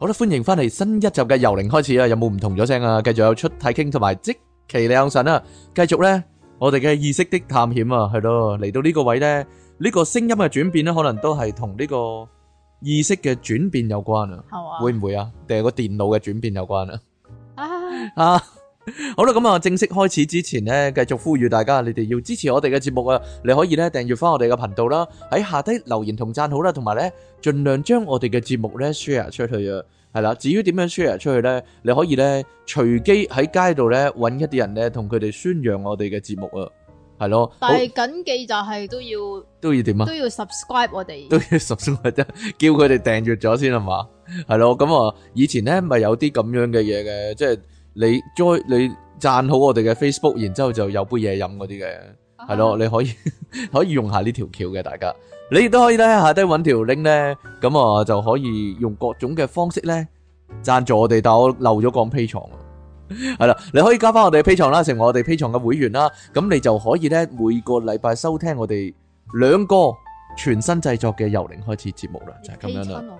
好啦，歡迎翻嚟新一集嘅由零開始啊！有冇唔同咗聲啊？繼續有出體傾同埋即其兩神啊！繼續咧，我哋嘅意識的探險啊，係咯，嚟到呢個位咧，呢個聲音嘅轉變咧，可能都係同呢個意識嘅轉變有關啊，會唔會啊？定係個電腦嘅轉變有關啊？啊！好啦，咁啊，正式開始之前咧，繼續呼籲大家，你哋要支持我哋嘅節目啊！你可以咧訂閱翻我哋嘅頻道啦，喺下低留言同贊好啦，同埋咧盡量將我哋嘅節目咧 share 出去啊，係啦。至於點樣 share 出去咧，你可以咧隨機喺街度咧搵一啲人咧同佢哋宣揚我哋嘅節目啊，係咯。但係謹記就係都要都要點啊？都要 subscribe 我哋都要 subscribe 啫，叫佢哋訂閱咗先啊嘛？係咯，咁啊，以前咧咪有啲咁樣嘅嘢嘅，即係。你 j 你贊好我哋嘅 Facebook，然之後就有杯嘢飲嗰啲嘅，係咯、啊，你可以 可以用下呢條橋嘅，大家你亦都可以咧下低揾條 link 咧，咁、嗯、啊、嗯、就可以用各種嘅方式咧贊助我哋，但我漏咗講 P 床啊，係 啦，你可以加翻我哋 P 床啦，成為我哋 P 床嘅會員啦，咁你就可以咧每個禮拜收聽我哋兩個全新製作嘅由零開始節目啦，就係咁樣啦。們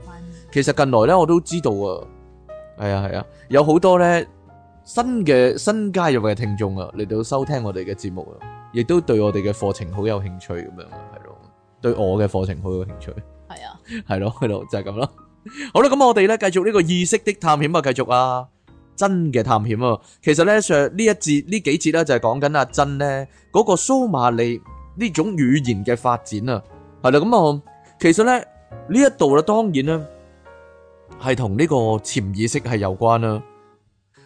其實近來咧，我都知道啊，係啊係啊，有好多咧。新嘅新加入嘅聽眾啊，嚟到收聽我哋嘅節目啊，亦都對我哋嘅課程好有興趣咁樣，係咯，對我嘅課程好有興趣，係啊，係咯，係咯的，就係咁咯。 好啦，咁我哋咧繼續呢個意識的探險啊，繼續啊，啊真嘅探險啊。其實咧上呢 Sir, 一節呢幾節咧就係、是、講緊阿、啊、珍咧嗰、那個蘇馬利呢種語言嘅發展啊。係啦，咁、嗯、啊，其實咧呢一度咧，當然啦，係同呢個潛意識係有關啦。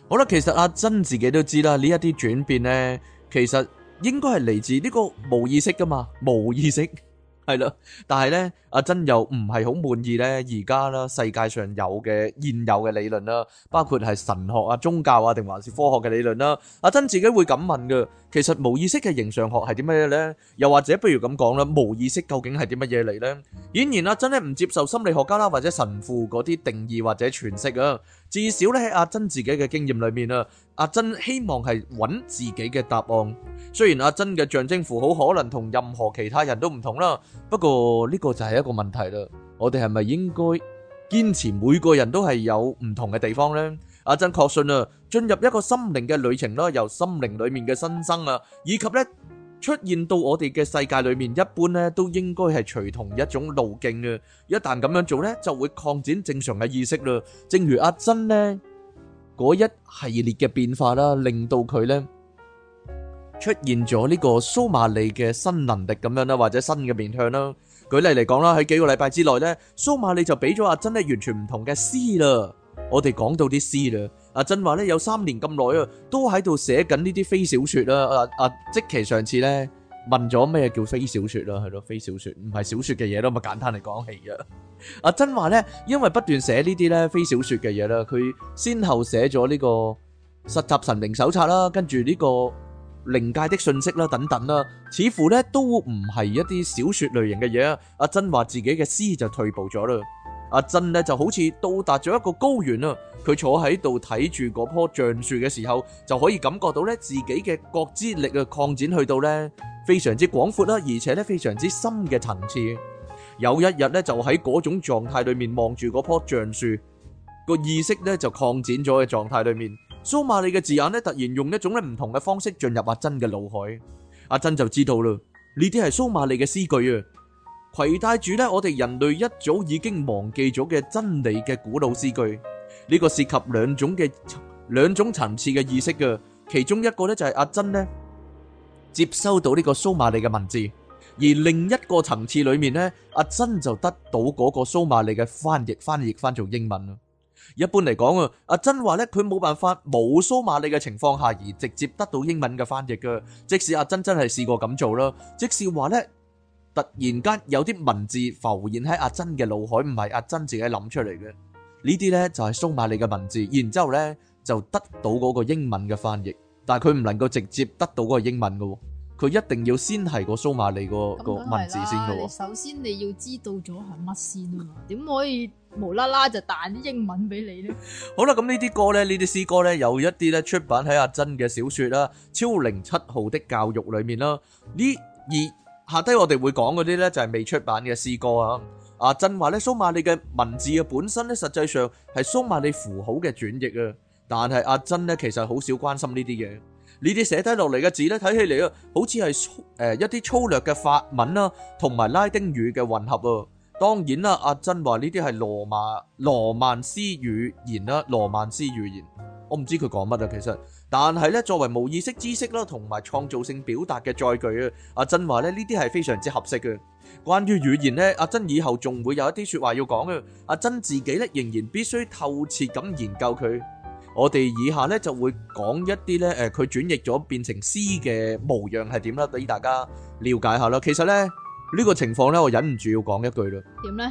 好啦，其實阿珍自己都知啦，呢一啲轉變咧，其實應該係嚟自呢、這個無意識噶嘛，無意識。係咯，但係咧，阿珍又唔係好滿意咧。而家啦，世界上有嘅現有嘅理論啦、啊，包括係神學啊、宗教啊，定還是科學嘅理論啦、啊。阿珍自己會咁問嘅，其實無意識嘅形上學係點乜嘢咧？又或者不如咁講啦，無意識究竟係啲乜嘢嚟咧？顯然，然阿珍咧唔接受心理學家啦、啊，或者神父嗰啲定義或者詮釋啊。至少咧，喺阿珍自己嘅經驗裏面啊。阿珍希望係揾自己嘅答案。雖然阿珍嘅象徵符號可能同任何其他人都唔同啦，不過呢個就係一個問題啦。我哋係咪應該堅持每個人都係有唔同嘅地方呢？阿珍確信啊，進入一個心靈嘅旅程咯，由心靈裏面嘅新生啊，以及咧出現到我哋嘅世界裏面，一般咧都應該係隨同一種路徑嘅。一旦咁樣做咧，就會擴展正常嘅意識啦。正如阿珍呢。嗰一系列嘅變化啦，令到佢呢出現咗呢個蘇馬利嘅新能力咁樣啦，或者新嘅面向啦。舉例嚟講啦，喺幾個禮拜之內呢，蘇馬利就俾咗阿珍呢完全唔同嘅詩啦。我哋講到啲詩啦，阿珍話呢有三年咁耐啊，都喺度寫緊呢啲非小説啦。阿阿即其上次呢。問咗咩叫非小説啦，係咯，非小説唔係小説嘅嘢咯，咪簡單嚟講係啊。阿珍話呢，因為不斷寫呢啲呢非小説嘅嘢啦，佢先後寫咗呢個實習神靈手冊啦，跟住呢個靈界的信息啦，等等啦，似乎呢都唔係一啲小説類型嘅嘢。阿珍話自己嘅詩就退步咗啦。阿珍咧就好似到達咗一個高原啊！佢坐喺度睇住嗰棵橡樹嘅時候，就可以感覺到咧自己嘅覺知力嘅擴展去到咧非常之廣闊啦，而且咧非常之深嘅層次。有一日咧就喺嗰種狀態裏面望住嗰棵橡樹，個意識咧就擴展咗嘅狀態裏面，蘇馬利嘅字眼咧突然用一種咧唔同嘅方式進入阿珍嘅腦海，阿珍就知道啦，呢啲係蘇馬利嘅詩句啊！攜帶住咧，我哋人類一早已經忘記咗嘅真理嘅古老詩句，呢個涉及兩種嘅，兩種層次嘅意識噶，其中一個咧就係阿珍呢接收到呢個蘇馬利嘅文字，而另一個層次裏面呢，阿珍就得到嗰個蘇馬利嘅翻譯，翻譯翻做英文咯。一般嚟講啊，阿珍話咧，佢冇辦法冇蘇馬利嘅情況下而直接得到英文嘅翻譯噶，即使阿珍真係試過咁做啦，即使話咧。突然間有啲文字浮現喺阿珍嘅腦海，唔係阿珍自己諗出嚟嘅，呢啲咧就係蘇馬利嘅文字，然之後咧就得到嗰個英文嘅翻譯，但係佢唔能夠直接得到嗰個英文嘅，佢一定要先係個蘇馬利個個文字先嘅。你首先你要知道咗係乜先啊嘛？點可以無啦啦就彈啲英文俾你咧？好啦，咁呢啲歌咧，呢啲詩歌咧，有一啲咧出版喺阿珍嘅小說啦，《超零七號的教育》裏面啦，呢二。下低我哋會講嗰啲呢，就係未出版嘅詩歌啊！阿珍話呢，蘇馬利嘅文字嘅本身呢，實際上係蘇馬利符號嘅轉譯啊！但係阿珍呢，其實好少關心呢啲嘢，呢啲寫低落嚟嘅字呢，睇起嚟啊，好似係誒一啲粗略嘅法文啊，同埋拉丁語嘅混合啊！當然啦，阿珍話呢啲係羅馬羅曼斯語言啦，羅曼斯語言，我唔知佢講乜啊，其實。但係咧，作為無意識知識咯，同埋創造性表達嘅載具啊，阿珍話咧呢啲係非常之合適嘅。關於語言咧，阿珍以後仲會有一啲說話要講嘅。阿珍自己咧仍然必須透徹咁研究佢。我哋以下咧就會講一啲咧，誒，佢轉譯咗變成詩嘅模樣係點啦，俾大家了解下啦。其實咧呢個情況咧，我忍唔住要講一句啦。點咧？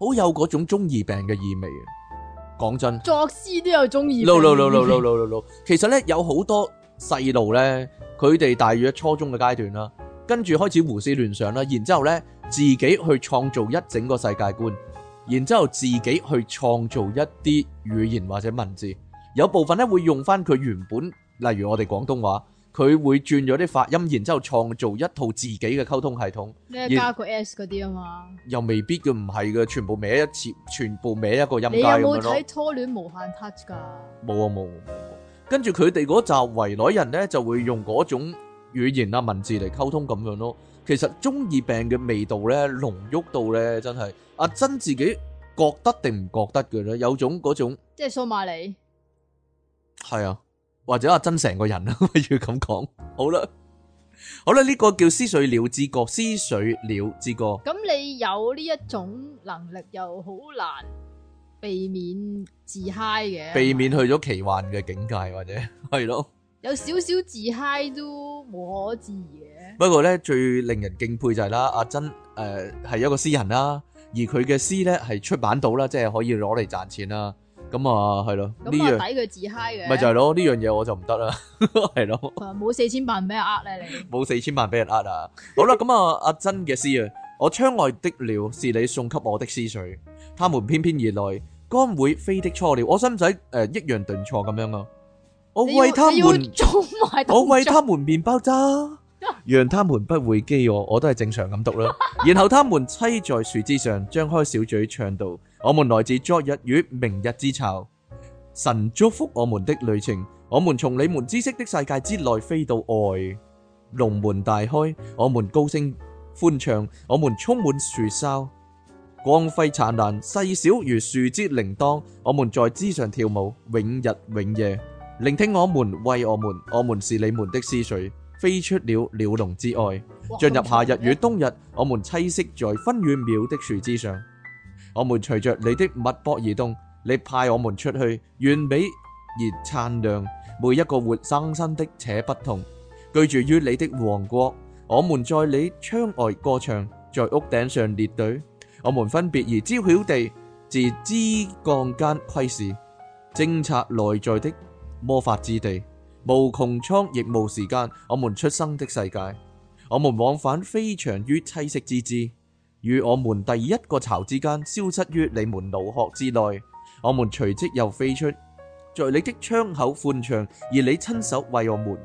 好有嗰種中二病嘅意味啊！講真，作詩都有中意。no no no no no no no no，其實咧有好多細路呢，佢哋大約初中嘅階段啦，跟住開始胡思亂想啦，然之後咧自己去創造一整個世界觀，然之後自己去創造一啲語言或者文字，有部分呢，會用翻佢原本，例如我哋廣東話。佢會轉咗啲發音，然之後創造一套自己嘅溝通系統。你加個 S 嗰啲啊嘛，又未必嘅唔係嘅，全部歪一次，全部歪一個音階咁樣咯。你有冇睇《初戀無限 Touch》噶、啊？冇啊冇冇冇。跟住佢哋嗰集圍內人咧，就會用嗰種語言啊文字嚟溝通咁樣咯。其實中二病嘅味道咧，濃郁到咧，真係阿珍自己覺得定唔覺得嘅咧？有種嗰種，即係蘇馬里，係啊。或者阿珍成個人啦， 要如咁講。好啦，好啦，呢、這個叫思水了之歌，思水了之歌。咁你有呢一種能力，又好難避免自嗨嘅，避免去咗奇幻嘅境界，或者係 咯，有少少自嗨都冇可置疑嘅。 不過咧，最令人敬佩就係、是、啦，阿珍誒係、呃、一個詩人啦，而佢嘅詩咧係出版到啦，即係可以攞嚟賺錢啦。咁啊，係咯，呢樣抵佢自 high 嘅，咪就係咯，呢樣嘢我就唔得啦，係咯，冇四千萬俾人呃咧，你冇四千萬俾人呃啊，好啦，咁啊阿珍嘅詩啊，我窗外的鳥是你送給我的思緒，它們翩翩而來，剛會飛的雛鳥，我使唔使誒抑揚頓挫咁樣啊？我為它們做埋，我為它們麵包渣，讓它們不會飢餓，我都係正常咁讀啦。然後它們棲在樹枝上，張開小嘴唱道。我們來自昨日與明日之巢，神祝福我們的旅程。我們從你們知識的世界之內飛到外，龍門大開，我們高聲歡唱，我們充滿樹梢，光輝燦爛，細小如樹枝鈴鐺。我們在枝上跳舞，永日永夜，聆聽我們為我們，我們是你們的思緒，飛出了鳥籠之外，進入夏日與冬日，我們棲息在分與秒的樹枝上。我們隨着你的脈搏移動，你派我們出去，完美而燦亮，每一個活生生的且不同，居住於你的王國。我們在你窗外歌唱，在屋頂上列隊，我們分別而招曉地，自枝幹間窺視，偵察內在的魔法之地，無窮蒼亦無時間，我們出生的世界，我們往返飛翔於棲息之姿。與我們第一個巢之間消失於你們腦殼之內，我們隨即又飛出，在你的窗口歡唱，而你親手為我們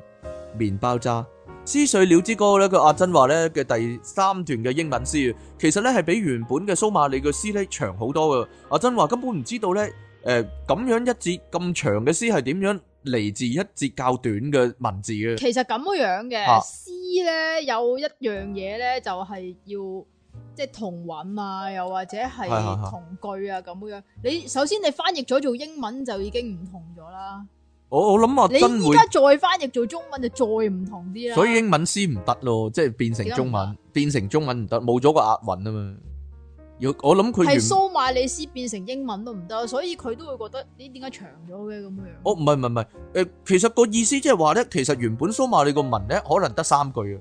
麵包渣。詩碎了之歌呢個阿珍話呢嘅第三段嘅英文詩，其實呢係比原本嘅蘇馬利嘅詩呢長好多嘅。阿珍話根本唔知道呢，誒、呃、咁樣一節咁長嘅詩係點樣嚟自一節較短嘅文字嘅。其實咁樣嘅哈詩呢，有一樣嘢呢，就係要。即係同韻啊，又或者係同句啊，咁樣。你首先你翻譯咗做英文就已經唔同咗啦。我我諗我，你依家再翻譯做中文就再唔同啲啦。所以英文詩唔得咯，即係變成中文，變成中文唔得，冇咗個押韻啊嘛。又我諗佢係蘇馬里詩變成英文都唔得，所以佢都會覺得，你點解長咗嘅咁樣？哦，唔係唔係唔係，誒，其實個意思即係話咧，其實原本蘇馬里個文咧可能得三句啊。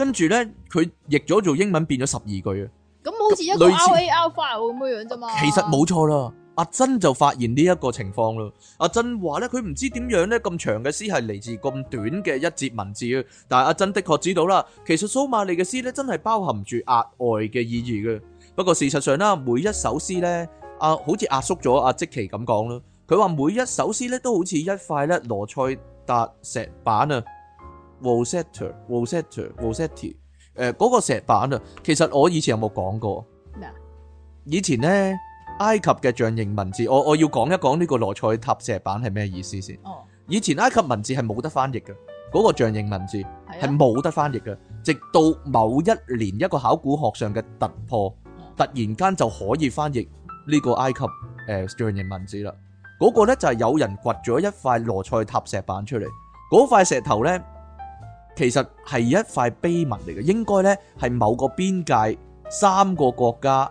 跟住咧，佢譯咗做英文變咗十二句啊！咁好似一個 RAR file 咁嘅樣啫嘛。其實冇錯啦，阿珍就發現呢一個情況啦。阿珍話咧，佢唔知點樣咧咁長嘅詩係嚟自咁短嘅一節文字啊。但係阿珍的確知道啦，其實蘇瑪利嘅詩咧真係包含住額外嘅意義嘅。不過事實上啦，每一首詩咧，啊，好似壓縮咗阿積奇咁講啦。佢話每一首詩咧都好似一塊咧羅塞達石板啊。Rosetta，Rosetta，Rosetta，誒嗰個石板啊，其實我以前有冇講過？咩啊？以前咧，埃及嘅象形文字，我我要講一講呢個羅塞塔石板係咩意思先。哦。以前埃及文字係冇得翻譯嘅，嗰個象形文字係冇得翻譯嘅，啊、直到某一年一個考古學上嘅突破，突然間就可以翻譯呢個埃及誒象形文字啦。嗰個咧就係有人掘咗一塊羅塞塔石板出嚟，嗰塊石頭咧。其實係一塊碑文嚟嘅，應該咧係某個邊界三個國家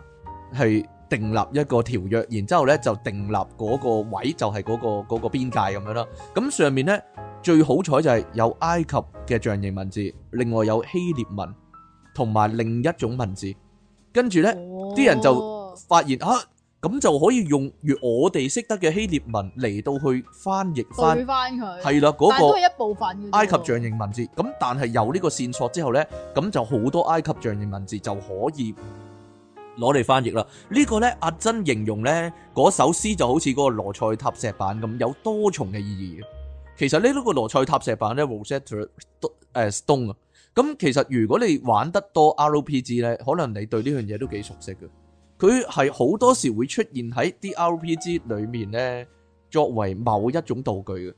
係訂立一個條約，然之後咧就訂立嗰個位就係嗰個嗰個邊界咁樣啦。咁上面咧最好彩就係有埃及嘅象形文字，另外有希臘文同埋另一種文字，跟住咧啲人就發現嚇。咁就可以用我哋識得嘅希臘文嚟到去翻譯翻佢，係啦，嗰、那個埃、那個、及象形文字。咁但係有呢個線索之後咧，咁就好多埃及象形文字就可以攞嚟翻譯啦。這個、呢個咧，阿珍形容咧，嗰首詩就好似嗰、那個羅塞塔石板咁，有多重嘅意義。其實呢、這個個羅塞塔石板咧，Rosetta 誒 Stone 啊。咁其實如果你玩得多 RPG 咧，可能你對呢樣嘢都幾熟悉嘅。佢係好多時會出現喺啲 RPG 裏面咧，作為某一種道具嘅，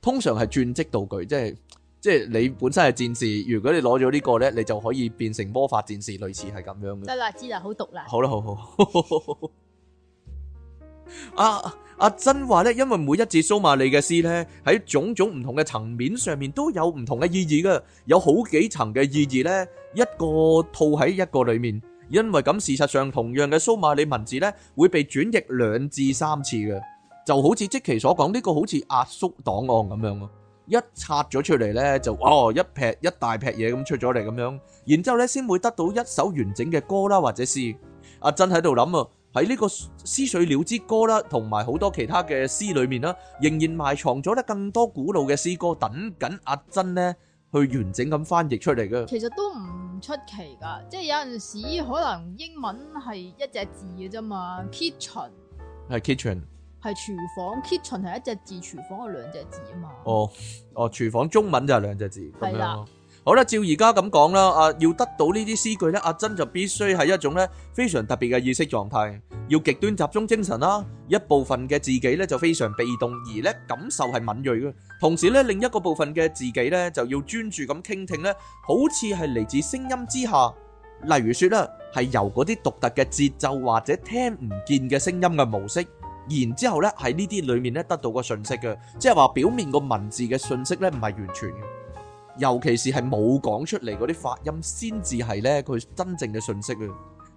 通常係轉職道具，即係即係你本身係戰士，如果你攞咗呢個咧，你就可以變成魔法戰士，類似係咁樣嘅。得啦，知啦，好毒啦。好啦，好好。阿阿珍話，咧，因為每一節蘇馬利嘅詩咧，喺種種唔同嘅層面上面都有唔同嘅意義噶，有好幾層嘅意義咧，一個套喺一個裏面。因為咁，事實上同樣嘅蘇馬里文字呢，會被轉譯兩至三次嘅，就好似即其所講呢個好似壓縮檔案咁樣啊，一拆咗出嚟呢，就哦一劈一大劈嘢咁出咗嚟咁樣，然之後呢，先會得到一首完整嘅歌啦，或者詩。阿珍喺度諗啊，喺呢個詩水鳥之歌啦，同埋好多其他嘅詩裏面啦，仍然埋藏咗得更多古老嘅詩歌，等緊阿珍呢，去完整咁翻譯出嚟嘅。其實都唔。出奇噶，即係有陣時可能英文係一隻字嘅啫嘛，kitchen 係 kitchen 係廚房，kitchen 係一隻字，廚房係兩隻字啊嘛。哦哦，廚房中文就係兩隻字咁樣。好啦，照而家咁講啦，啊，要得到呢啲詩句咧，阿珍就必須係一種咧非常特別嘅意識狀態，要極端集中精神啦。一部分嘅自己咧就非常被動，而咧感受係敏鋭嘅。同時咧，另一個部分嘅自己咧就要專注咁傾聽咧，好似係嚟自聲音之下。例如説咧，係由嗰啲獨特嘅節奏或者聽唔見嘅聲音嘅模式，然之後咧喺呢啲裏面咧得到個信息嘅，即係話表面個文字嘅信息咧唔係完全。尤其是係冇講出嚟嗰啲發音，先至係咧佢真正嘅信息啊！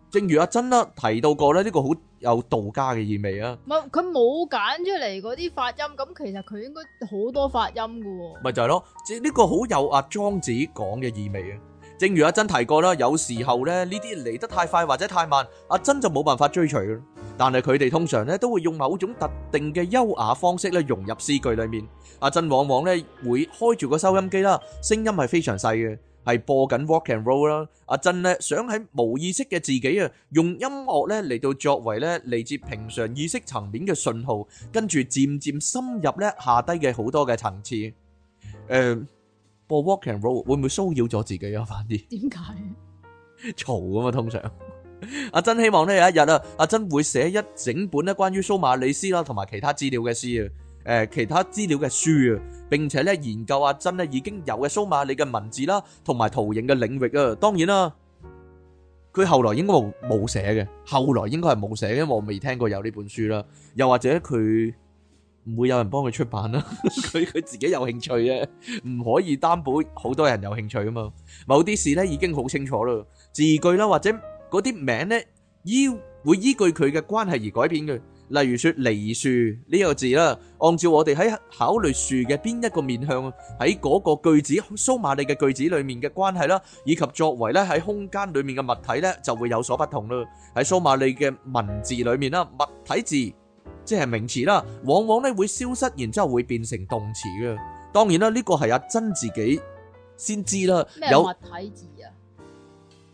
正如阿珍啦提到過咧，呢個好有道家嘅意味啊。唔係，佢冇揀出嚟嗰啲發音，咁其實佢應該好多發音嘅喎。咪就係咯，呢個好有阿莊子講嘅意味啊！正如阿珍提過啦，有時候咧呢啲嚟得太快或者太慢，阿珍就冇辦法追隨。但係佢哋通常咧都會用某種特定嘅優雅方式咧融入詩句裏面。阿真往往咧會開住個收音機啦，聲音係非常細嘅，係播緊 walk and roll 啦。阿真咧想喺無意識嘅自己啊，用音樂咧嚟到作為咧嚟自平常意識層面嘅信號，跟住漸漸深入咧下低嘅好多嘅層次。誒，播 walk and roll 會唔會騷擾咗自己啊？反而點解嘈啊？嘛，通常。阿珍希望咧有一日啊，阿珍會寫一整本咧關於蘇馬里詩啦，同埋其他資料嘅書啊。誒，其他資料嘅書啊，並且咧研究阿珍咧已經有嘅蘇馬里嘅文字啦，同埋圖形嘅領域啊。當然啦，佢後來應該冇冇寫嘅，後來應該係冇寫，因為我未聽過有呢本書啦。又或者佢唔會有人幫佢出版啦，佢佢自己有興趣啊，唔可以擔保好多人有興趣啊嘛。某啲事咧已經好清楚啦，字句啦或者。嗰啲名呢，依會依據佢嘅關係而改變嘅，例如說梨樹呢個字啦，按照我哋喺考慮樹嘅邊一個面向，喺嗰個句子蘇馬利嘅句子裏面嘅關係啦，以及作為咧喺空間裏面嘅物體呢，就會有所不同啦。喺蘇馬利嘅文字裏面啦，物體字即係名詞啦，往往咧會消失，然之後會變成動詞嘅。當然啦，呢個係阿珍自己先知啦，有物體字啊。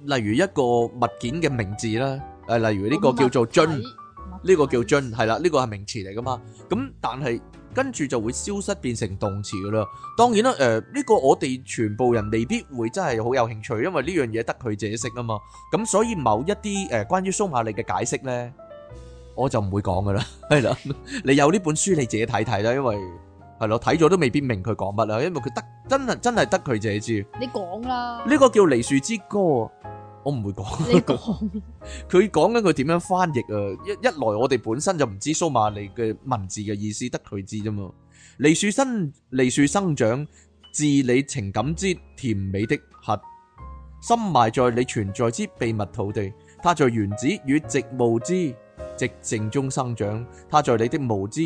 例如一個物件嘅名字啦，誒，例如呢個叫做樽，呢個叫樽，係啦，呢個係名詞嚟噶嘛。咁但係跟住就會消失變成動詞噶啦。當然啦，誒，呢個我哋全部人未必會真係好有興趣，因為呢樣嘢得佢自己識啊嘛。咁所以某一啲誒關於蘇馬利嘅解釋呢，我就唔會講噶啦。係啦，你有呢本書你自己睇睇啦。因為係啦，睇咗都未必明佢講乜啦，因為佢得真係真係得佢自己知。你講啦，呢個叫梨樹之歌。我唔會講，佢講佢講緊佢點樣翻譯啊。一一來我哋本身就唔知蘇馬利嘅文字嘅意思，得佢知啫嘛。梨樹生，梨樹生長，自你情感之甜美的核，深埋在你存在之秘密土地。它在原子與植物之寂靜中生長，它在你的無知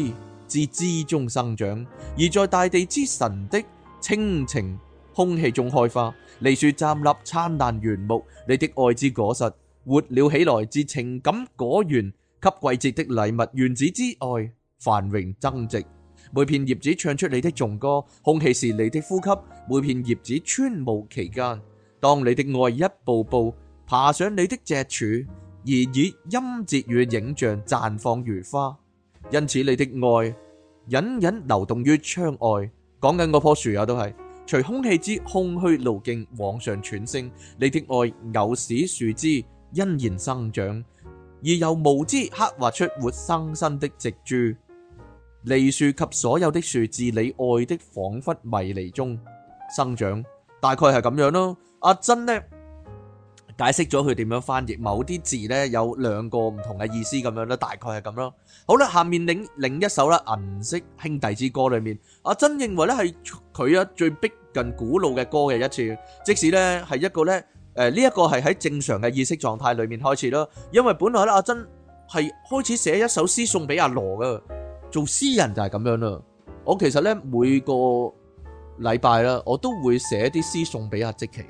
之枝中生長，而在大地之神的清情。空氣中開花，梨樹站立燦爛原木，你的愛之果實活了起來，自情感果園給季節的禮物。原子之愛繁榮增值，每片葉子唱出你的頌歌，空氣是你的呼吸，每片葉子穿舞其間。當你的愛一步步爬上你的脊柱，而以音節與影像綻放如花，因此你的愛隱隱流動於窗外。講緊嗰棵樹啊，都係。隨空氣之空虛路徑往上喘升，你的愛偶使樹枝欣然生長，而由無枝刻劃出活生生的植株。梨樹及所有的樹自你愛的仿佛迷離中生長，大概係咁樣咯。阿珍呢？解釋咗佢點樣翻譯某啲字咧，有兩個唔同嘅意思咁樣咯，大概係咁咯。好啦，下面另另一首啦，《銀色兄弟之歌》裏面，阿珍認為咧係佢啊最逼近古老嘅歌嘅一次，即使咧係一個咧誒呢一個係喺正常嘅意識狀態裏面開始咯，因為本來咧阿珍係開始寫一首詩送俾阿羅嘅，做詩人就係咁樣啦。我其實咧每個禮拜啦，我都會寫啲詩送俾阿積奇。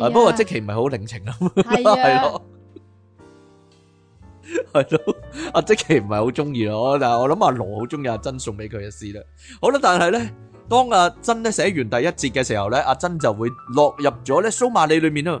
啊、不過即奇唔係好領情咁，係咯係咯，阿即奇唔係好中意咯，但係我諗阿羅好中意阿珍送俾佢嘅詩啦。好啦，但係咧，當阿珍咧寫完第一節嘅時候咧，阿珍就會落入咗咧蘇馬里裏面啊。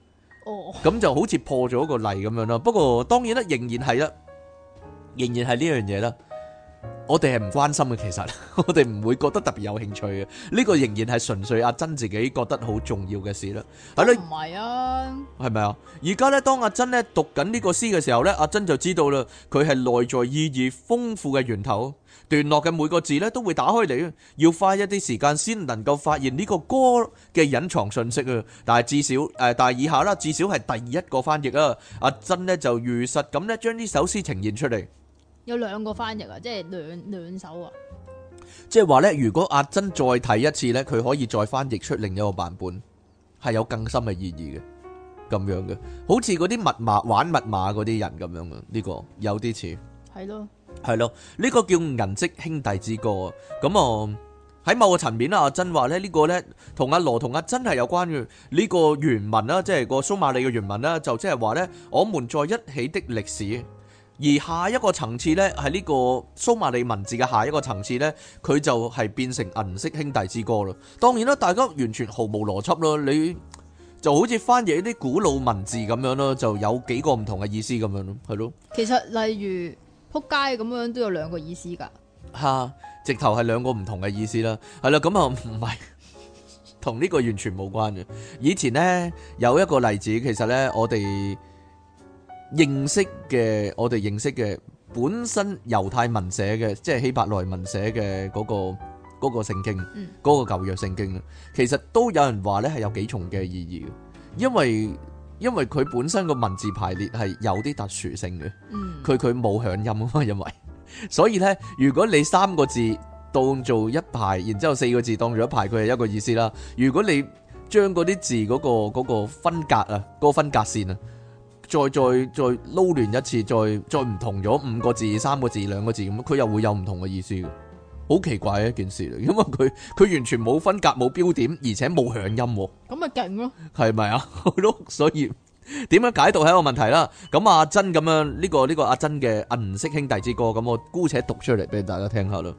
哦，咁就好似破咗一個例咁樣啦，不過當然啦，仍然係啦，仍然係呢樣嘢啦。我哋係唔關心嘅，其實我哋唔會覺得特別有興趣嘅。呢、這個仍然係純粹阿珍自己覺得好重要嘅事啦。係咯，係咪啊？而家咧，當阿珍咧讀緊呢個詩嘅時候呢，阿珍就知道啦，佢係內在意義豐富嘅源頭。段落嘅每個字咧都會打開嚟，要花一啲時間先能夠發現呢個歌嘅隱藏信息啊。但係至少誒、呃，但係以下啦，至少係第一個翻譯啊。阿珍呢就如實咁咧將呢首詩呈現出嚟。有兩個翻譯啊，即係兩兩首啊。即係話呢，如果阿珍再睇一次呢，佢可以再翻譯出另一個版本，係有更深嘅意義嘅，咁樣嘅，好似嗰啲密碼玩密碼嗰啲人咁樣啊，呢、這個有啲似。係咯，係咯，呢、這個叫銀色兄弟之歌。咁、嗯、啊，喺某個層面啊，阿珍話呢，呢、這個呢，同阿羅同阿珍係有關於呢個原文啦，即係個蘇馬里嘅原文啦，就即係話呢，我們在一起的歷史。而下一個層次呢，係呢個蘇馬利文字嘅下一個層次呢，佢就係變成銀色兄弟之歌咯。當然啦，大家完全毫無邏輯咯，你就好似翻譯一啲古老文字咁樣咯，就有幾個唔同嘅意思咁樣咯，係咯。其實例如扑街咁樣都有兩個意思噶，吓、啊，直頭係兩個唔同嘅意思啦。係啦，咁啊唔係同呢個完全冇關嘅。以前呢，有一個例子，其實呢，我哋。認識嘅我哋認識嘅本身猶太文寫嘅，即係希伯來文寫嘅嗰個嗰個聖經，嗰個舊約聖經咧，其實都有人話咧係有幾重嘅意義嘅，因為因為佢本身個文字排列係有啲特殊性嘅，佢佢冇響音啊嘛，因為所以咧，如果你三個字當做一排，然之後四個字當做一排，佢係一個意思啦。如果你將嗰啲字嗰個嗰個分隔啊，個分隔線啊。再再再撈亂一次，再再唔同咗五個字，三個字，兩個字咁，佢又會有唔同嘅意思，好奇怪一件事嚟。因為佢佢完全冇分隔，冇標點，而且冇響音，咁咪勁咯？係咪啊？都 所以點樣解讀係一個問題啦。咁阿珍咁樣呢個呢個阿珍嘅銀色兄弟之歌，咁我姑且讀出嚟俾大家聽下啦。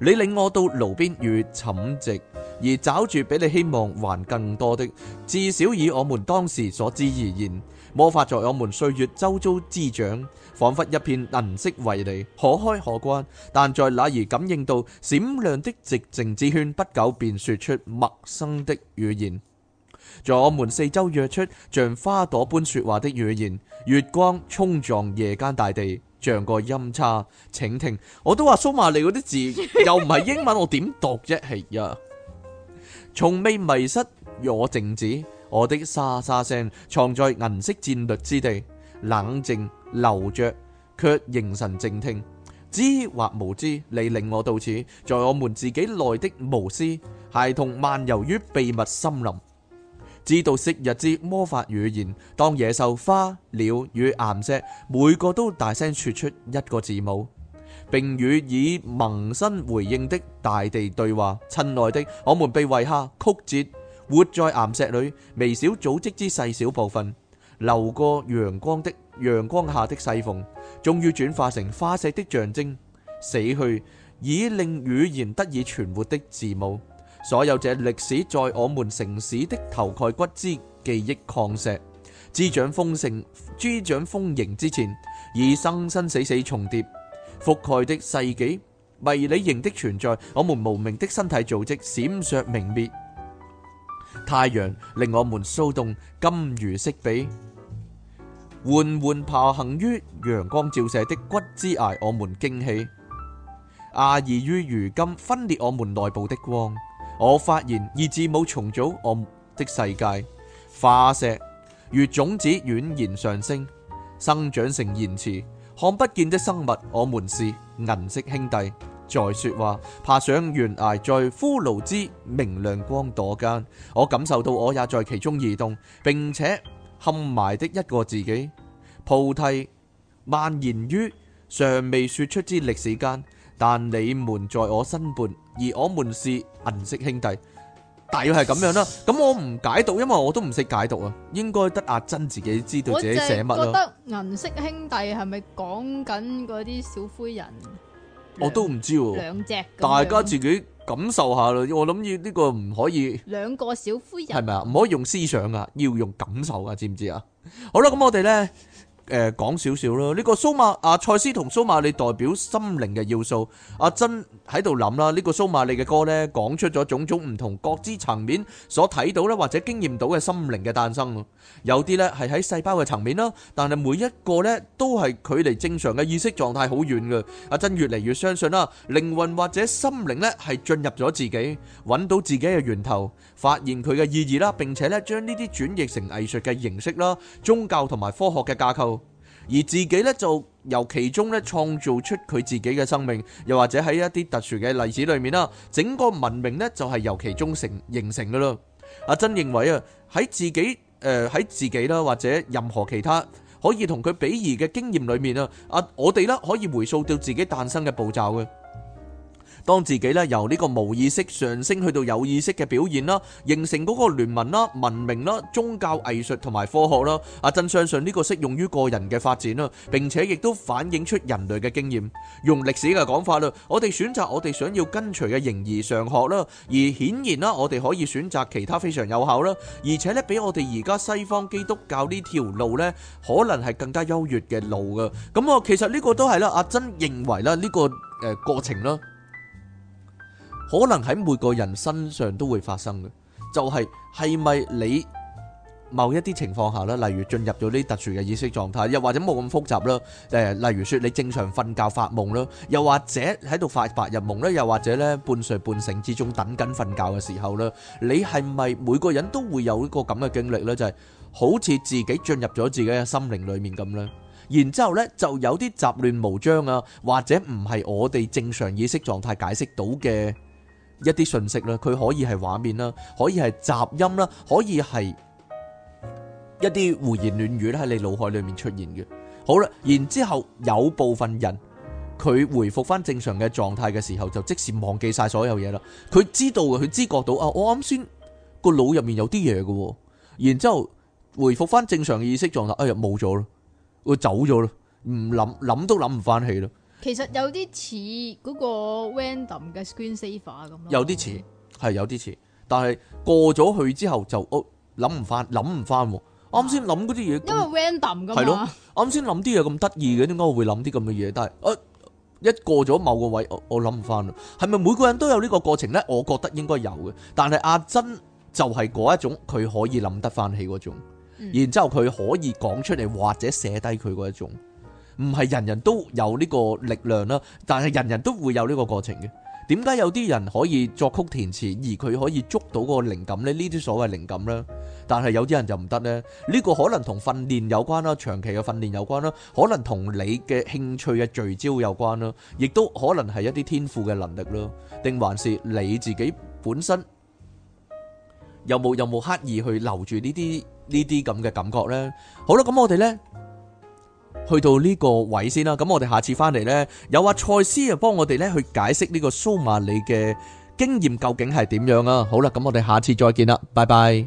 你令我到路邊越沉寂，而找住俾你希望還更多的，至少以我們當時所知而言。魔法在我們歲月周遭滋長，仿佛一片銀色圍籬，可開可關。但在那兒感應到閃亮的寂靜之圈，不久便說出陌生的語言，在 我們四周躍出，像花朵般說話的語言。月光衝撞夜間大地，像個音叉，請聽。我都話蘇馬利嗰啲字又唔係英文， 我點讀一係呀？從未迷失若我靜止。我的沙沙聲藏在銀色戰略之地，冷靜留着，卻凝神靜聽。知或無知，你令我到此，在我們自己內的巫師，孩童漫遊於秘密森林，知道昔日之魔法語言。當野獸、花鳥與岩石，每個都大聲說出一個字母，並與以萌生回應的大地對話。親愛的，我們被遺下曲折。活在岩石裏微小組織之細小部分，流過陽光的陽光下的細縫，終於轉化成化石的象徵；死去以令語言得以存活的字母，所有這歷史在我們城市的頭蓋骨之記憶礦石，滋長豐盛、滋長豐盈之前，以生生死死，死重疊覆蓋的世紀，迷你型的存在，我們無名的身體組織閃爍明滅。太陽令我們騷動，金如色比，緩緩爬行於陽光照射的骨之崖，我們驚喜。阿兒於如今分裂我們內部的光，我發現而字母重組我的世界。化石如種子軟然上升，生長成言辭看不見的生物。我們是銀色兄弟。在說話，爬上懸崖，在骷髏之明亮光朵間，我感受到我也在其中移動，並且陷埋的一個自己。菩提蔓延於尚未說出之歷史間，但你們在我身畔，而我們是銀色兄弟。大約係咁樣啦。咁我唔解讀，因為我都唔識解讀啊。應該得阿珍自己知道自己寫乜咯。我覺得銀色兄弟係咪講緊嗰啲小灰人？兩我都唔知喎，大家自己感受下啦。我諗住呢個唔可以，兩個小灰人係咪啊？唔可以用思想啊，要用感受啊，知唔知啊？好啦，咁我哋咧。誒，講少少咯，呢個蘇馬阿賽斯同蘇馬利代表心靈嘅要素。阿珍喺度諗啦，呢個蘇馬利嘅歌咧，講出咗種種唔同覺知層面所睇到啦，或者經驗到嘅心靈嘅誕生咯。有啲咧係喺細胞嘅層面啦，但係每一個咧都係距離正常嘅意識狀態好遠嘅。阿珍越嚟越相信啦，靈魂或者心靈咧係進入咗自己，揾到自己嘅源頭，發現佢嘅意義啦，並且咧將呢啲轉譯成藝術嘅形式啦，宗教同埋科學嘅架構。而自己咧就由其中咧創造出佢自己嘅生命，又或者喺一啲特殊嘅例子裏面啦，整個文明呢，就係由其中成形成嘅咯。阿、啊、珍認為啊，喺自己誒喺、呃、自己啦，或者任何其他可以同佢比擬嘅經驗裏面啊，啊我哋啦可以回溯到自己誕生嘅步驟嘅。當自己咧由呢個無意識上升去到有意識嘅表現啦，形成嗰個聯盟啦、文明啦、宗教、藝術同埋科學啦。阿珍相信呢個適用於個人嘅發展啦，並且亦都反映出人類嘅經驗。用歷史嘅講法啦，我哋選擇我哋想要跟隨嘅形而上學啦，而顯然啦，我哋可以選擇其他非常有效啦，而且咧俾我哋而家西方基督教呢條路咧，可能係更加優越嘅路噶。咁我其實呢個都係啦，阿珍認為啦，呢個誒過程啦。可能喺每個人身上都會發生嘅，就係係咪你某一啲情況下咧，例如進入咗啲特殊嘅意識狀態，又或者冇咁複雜啦。誒，例如説你正常瞓覺發夢啦，又或者喺度發白日夢咧，又或者咧半睡半醒之中等緊瞓覺嘅時候咧，你係咪每個人都會有呢個咁嘅經歷咧？就係好似自己進入咗自己嘅心靈裡面咁咧，然之後咧就有啲雜亂無章啊，或者唔係我哋正常意識狀態解釋到嘅。一啲信息啦，佢可以係畫面啦，可以係雜音啦，可以係一啲胡言亂語喺你腦海裏面出現嘅。好啦，然之後有部分人佢回復翻正常嘅狀態嘅時候，就即時忘記晒所有嘢啦。佢知道佢知覺到啊，我啱先個腦入面有啲嘢嘅，然之後回復翻正常意識狀態，哎呀冇咗啦，佢走咗啦，唔諗諗都諗唔翻起啦。其實有啲似嗰個 random 嘅 screen saver 咁咯，有啲似係有啲似，但係過咗去之後就哦諗唔翻、諗唔翻，啱先諗嗰啲嘢，因、啊啊、為 random 咁，係咯，啱先諗啲嘢咁得意嘅，點解我會諗啲咁嘅嘢？但係，誒、啊、一過咗某個位，我諗唔翻啦。係咪每個人都有呢個過程咧？我覺得應該有嘅，但係阿珍就係嗰一種佢可以諗得翻起嗰種，然之後佢可以講出嚟或者寫低佢嗰一種。唔係人人都有呢個力量啦，但係人人都會有呢個過程嘅。點解有啲人可以作曲填詞，而佢可以捉到個靈感咧？呢啲所謂靈感咧，但係有啲人就唔得咧。呢個可能同訓練有關啦，長期嘅訓練有關啦，可能同你嘅興趣嘅聚焦有關啦，亦都可能係一啲天賦嘅能力咯，定還是你自己本身有冇有冇刻意去留住呢啲呢啲咁嘅感覺咧？好啦，咁我哋咧。去到呢個位先啦，咁我哋下次翻嚟呢，有阿賽斯啊幫我哋呢去解釋呢個蘇馬里嘅經驗究竟係點樣啊！好啦，咁我哋下次再見啦，拜拜。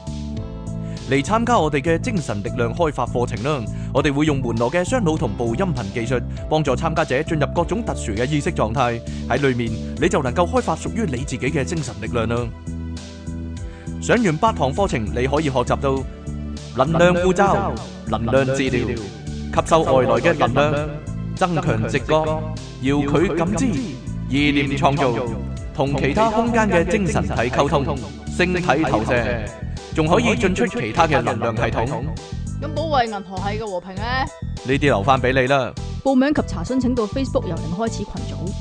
嚟參加我哋嘅精神力量開發課程啦！我哋會用門羅嘅雙腦同步音頻技術，幫助參加者進入各種特殊嘅意識狀態。喺裏面你就能夠開發屬於你自己嘅精神力量啦！上完八堂課程，你可以學習到能量聚焦、能量治療、吸收外來嘅能量、增強直覺、遙距感知、意念創造、同其他空間嘅精神體溝通、星體投射。仲可以進出其他嘅能量系統。咁保衛銀河系嘅和平咧？呢啲留翻俾你啦。報名及查詢請到 Facebook 由零開始群組。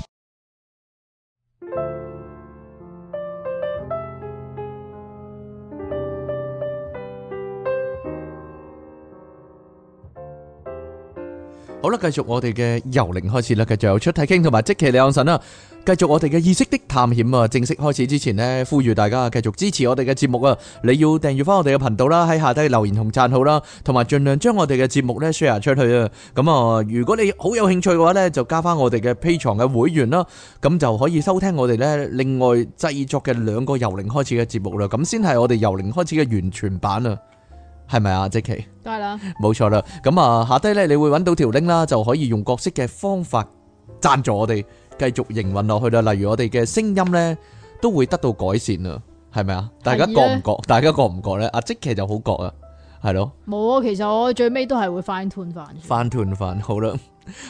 好啦，繼續我哋嘅由零開始啦。繼續有出體傾同埋積奇李安神啦。繼續我哋嘅意識的探險啊！正式開始之前呢，呼籲大家繼續支持我哋嘅節目啊！你要訂閱翻我哋嘅頻道啦，喺下低留言同讚好啦，同埋盡量將我哋嘅節目呢 share 出去啊！咁啊，如果你好有興趣嘅話呢，就加翻我哋嘅 Patreon 嘅會員啦，咁就可以收聽我哋呢另外製作嘅兩個由零開始嘅節目啦！咁先係我哋由零開始嘅完全版啊，係咪啊？即奇，都係啦，冇錯啦！咁啊，下低呢，你會揾到條 link 啦，就可以用角色嘅方法贊助我哋。繼續營運落去啦，例如我哋嘅聲音呢都會得到改善啊，係咪啊？大家覺唔覺？大家覺唔覺呢？阿即其就好覺啊，係咯。冇啊，其實我最尾都係會翻團飯。翻團飯好啦，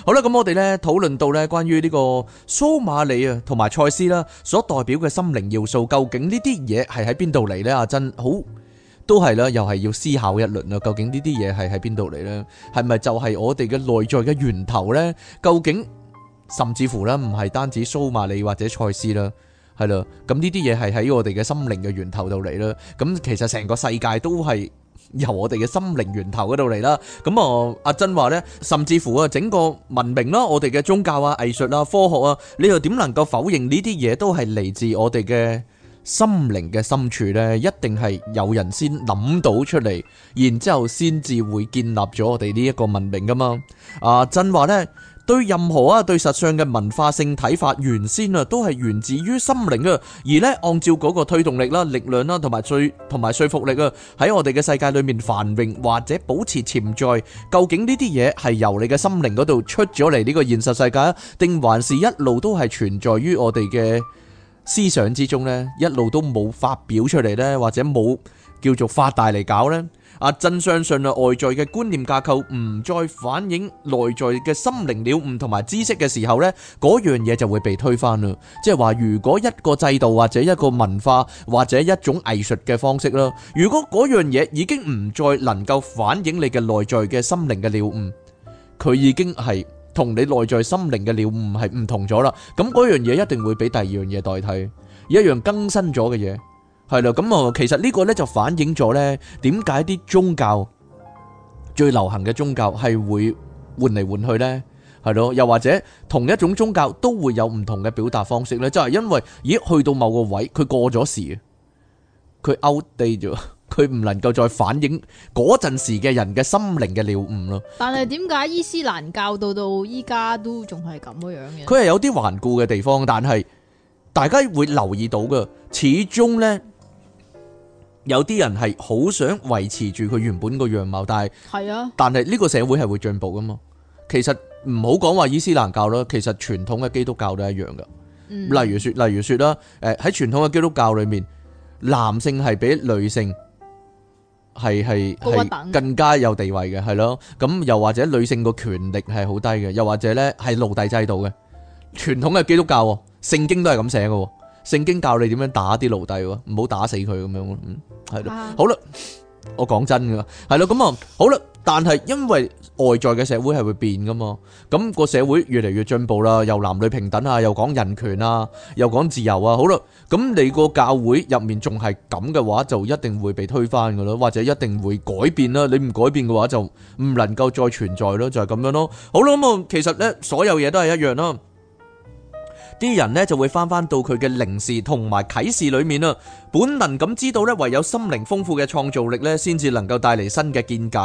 好啦，咁我哋呢討論到呢，關於呢個蘇瑪里啊同埋賽斯啦所代表嘅心靈要素，究竟呢啲嘢係喺邊度嚟？呢？阿珍好都係啦，又係要思考一輪啊！究竟呢啲嘢係喺邊度嚟呢？係咪就係我哋嘅內在嘅源頭呢？究竟？甚至乎咧，唔係單止蘇馬利或者賽斯啦，係咯，咁呢啲嘢係喺我哋嘅心靈嘅源頭度嚟啦。咁其實成個世界都係由我哋嘅心靈源頭嗰度嚟啦。咁啊，阿珍話呢，甚至乎啊，整個文明啦，我哋嘅宗教啊、藝術啊、科學啊，你又點能夠否認呢啲嘢都係嚟自我哋嘅心靈嘅深處呢？一定係有人先諗到出嚟，然之後先至會建立咗我哋呢一個文明噶嘛。阿珍話呢。對任何啊，對實相嘅文化性睇法，原先啊都係源自於心靈啊。而呢，按照嗰個推動力啦、力量啦，同埋說同埋說服力啊，喺我哋嘅世界裏面繁榮或者保持潛在，究竟呢啲嘢係由你嘅心靈嗰度出咗嚟呢個現實世界，定還是一路都係存在於我哋嘅思想之中呢？一路都冇發表出嚟呢，或者冇叫做發大嚟搞呢？啊！真相信啊，外在嘅觀念架構唔再反映內在嘅心靈了悟同埋知識嘅時候咧，嗰樣嘢就會被推翻啦。即係話，如果一個制度或者一個文化或者一種藝術嘅方式啦，如果嗰樣嘢已經唔再能夠反映你嘅內在嘅心靈嘅了悟，佢已經係同你內在心靈嘅了悟係唔同咗啦。咁嗰樣嘢一定會俾第二樣嘢代替，以一樣更新咗嘅嘢。係咯，咁啊，其實呢個咧就反映咗咧，點解啲宗教最流行嘅宗教係會換嚟換去咧？係咯，又或者同一種宗教都會有唔同嘅表達方式咧，就係因為咦，去到某個位，佢過咗時，佢 outdate 咗，佢唔能夠再反映嗰陣時嘅人嘅心靈嘅了悟咯。但係點解伊斯蘭教到到依家都仲係咁樣嘅？佢係有啲頑固嘅地方，但係大家會留意到㗎，始終咧。有啲人係好想維持住佢原本個樣貌，但係，係啊，但係呢個社會係會進步噶嘛？其實唔好講話伊斯蘭教咯，其實傳統嘅基督教都一樣噶。嗯、例如說，例如說啦，誒喺傳統嘅基督教裏面，男性係比女性係係係更加有地位嘅，係咯。咁又或者女性個權力係好低嘅，又或者咧係奴隸制度嘅，傳統嘅基督教聖經都係咁寫嘅。聖經教你點樣打啲奴隸喎，唔好打死佢咁樣咯，係、嗯、咯、啊嗯，好啦，我講真噶，係咯，咁啊，好啦，但係因為外在嘅社會係會變噶嘛，咁個社會越嚟越進步啦，又男女平等啊，又講人權啊，又講自由啊，好啦，咁你個教會入面仲係咁嘅話，就一定會被推翻噶咯，或者一定會改變啦，你唔改變嘅話就唔能夠再存在咯，就係、是、咁樣咯，好啦，咁、嗯、啊，其實咧所有嘢都係一樣啦。啲人呢就會返返到佢嘅靈視同埋啟示裏面啦，本能咁知道呢，唯有心靈豐富嘅創造力呢，先至能夠帶嚟新嘅見解。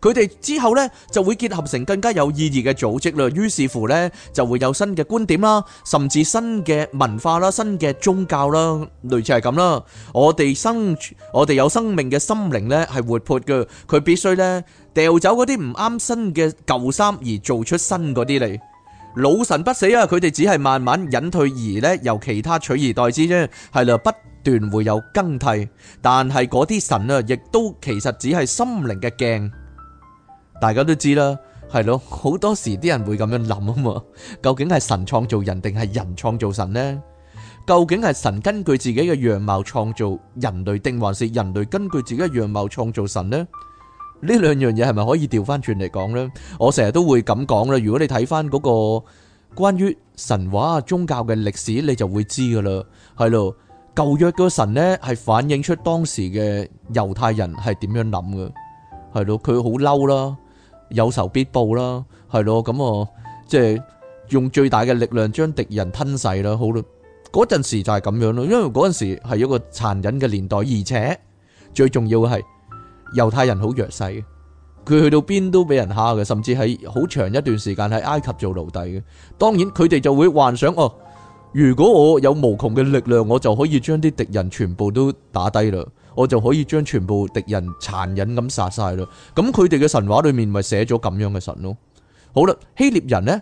佢哋之後呢就會結合成更加有意義嘅組織啦。於是乎呢就會有新嘅觀點啦，甚至新嘅文化啦、新嘅宗教啦，類似係咁啦。我哋生我哋有生命嘅心靈呢係活潑嘅，佢必須呢掉走嗰啲唔啱新嘅舊衫而做出新嗰啲嚟。老神不死啊！佢哋只係慢慢隱退而咧，由其他取而代之啫。係啦，不斷會有更替。但係嗰啲神啊，亦都其實只係心靈嘅鏡。大家都知啦，係咯，好多時啲人會咁樣諗啊嘛。究竟係神創造人定係人創造神呢？究竟係神根據自己嘅樣貌創造人類，定還是人類根據自己嘅樣貌創造神呢？呢兩樣嘢係咪可以調翻轉嚟講呢？我成日都會咁講啦。如果你睇翻嗰個關於神話啊、宗教嘅歷史，你就會知噶啦。係咯，舊約個神呢係反映出當時嘅猶太人係點樣諗嘅。係咯，佢好嬲啦，有仇必報啦。係咯，咁我即係用最大嘅力量將敵人吞噬啦。好啦，嗰陣時就係咁樣咯，因為嗰陣時係一個殘忍嘅年代，而且最重要嘅係。猶太人好弱勢嘅，佢去到邊都俾人蝦嘅，甚至喺好長一段時間喺埃及做奴隸嘅。當然佢哋就會幻想哦，如果我有無窮嘅力量，我就可以將啲敵人全部都打低啦，我就可以將全部敵人殘忍咁殺曬啦。咁佢哋嘅神話裏面咪寫咗咁樣嘅神咯。好啦，希臘人呢，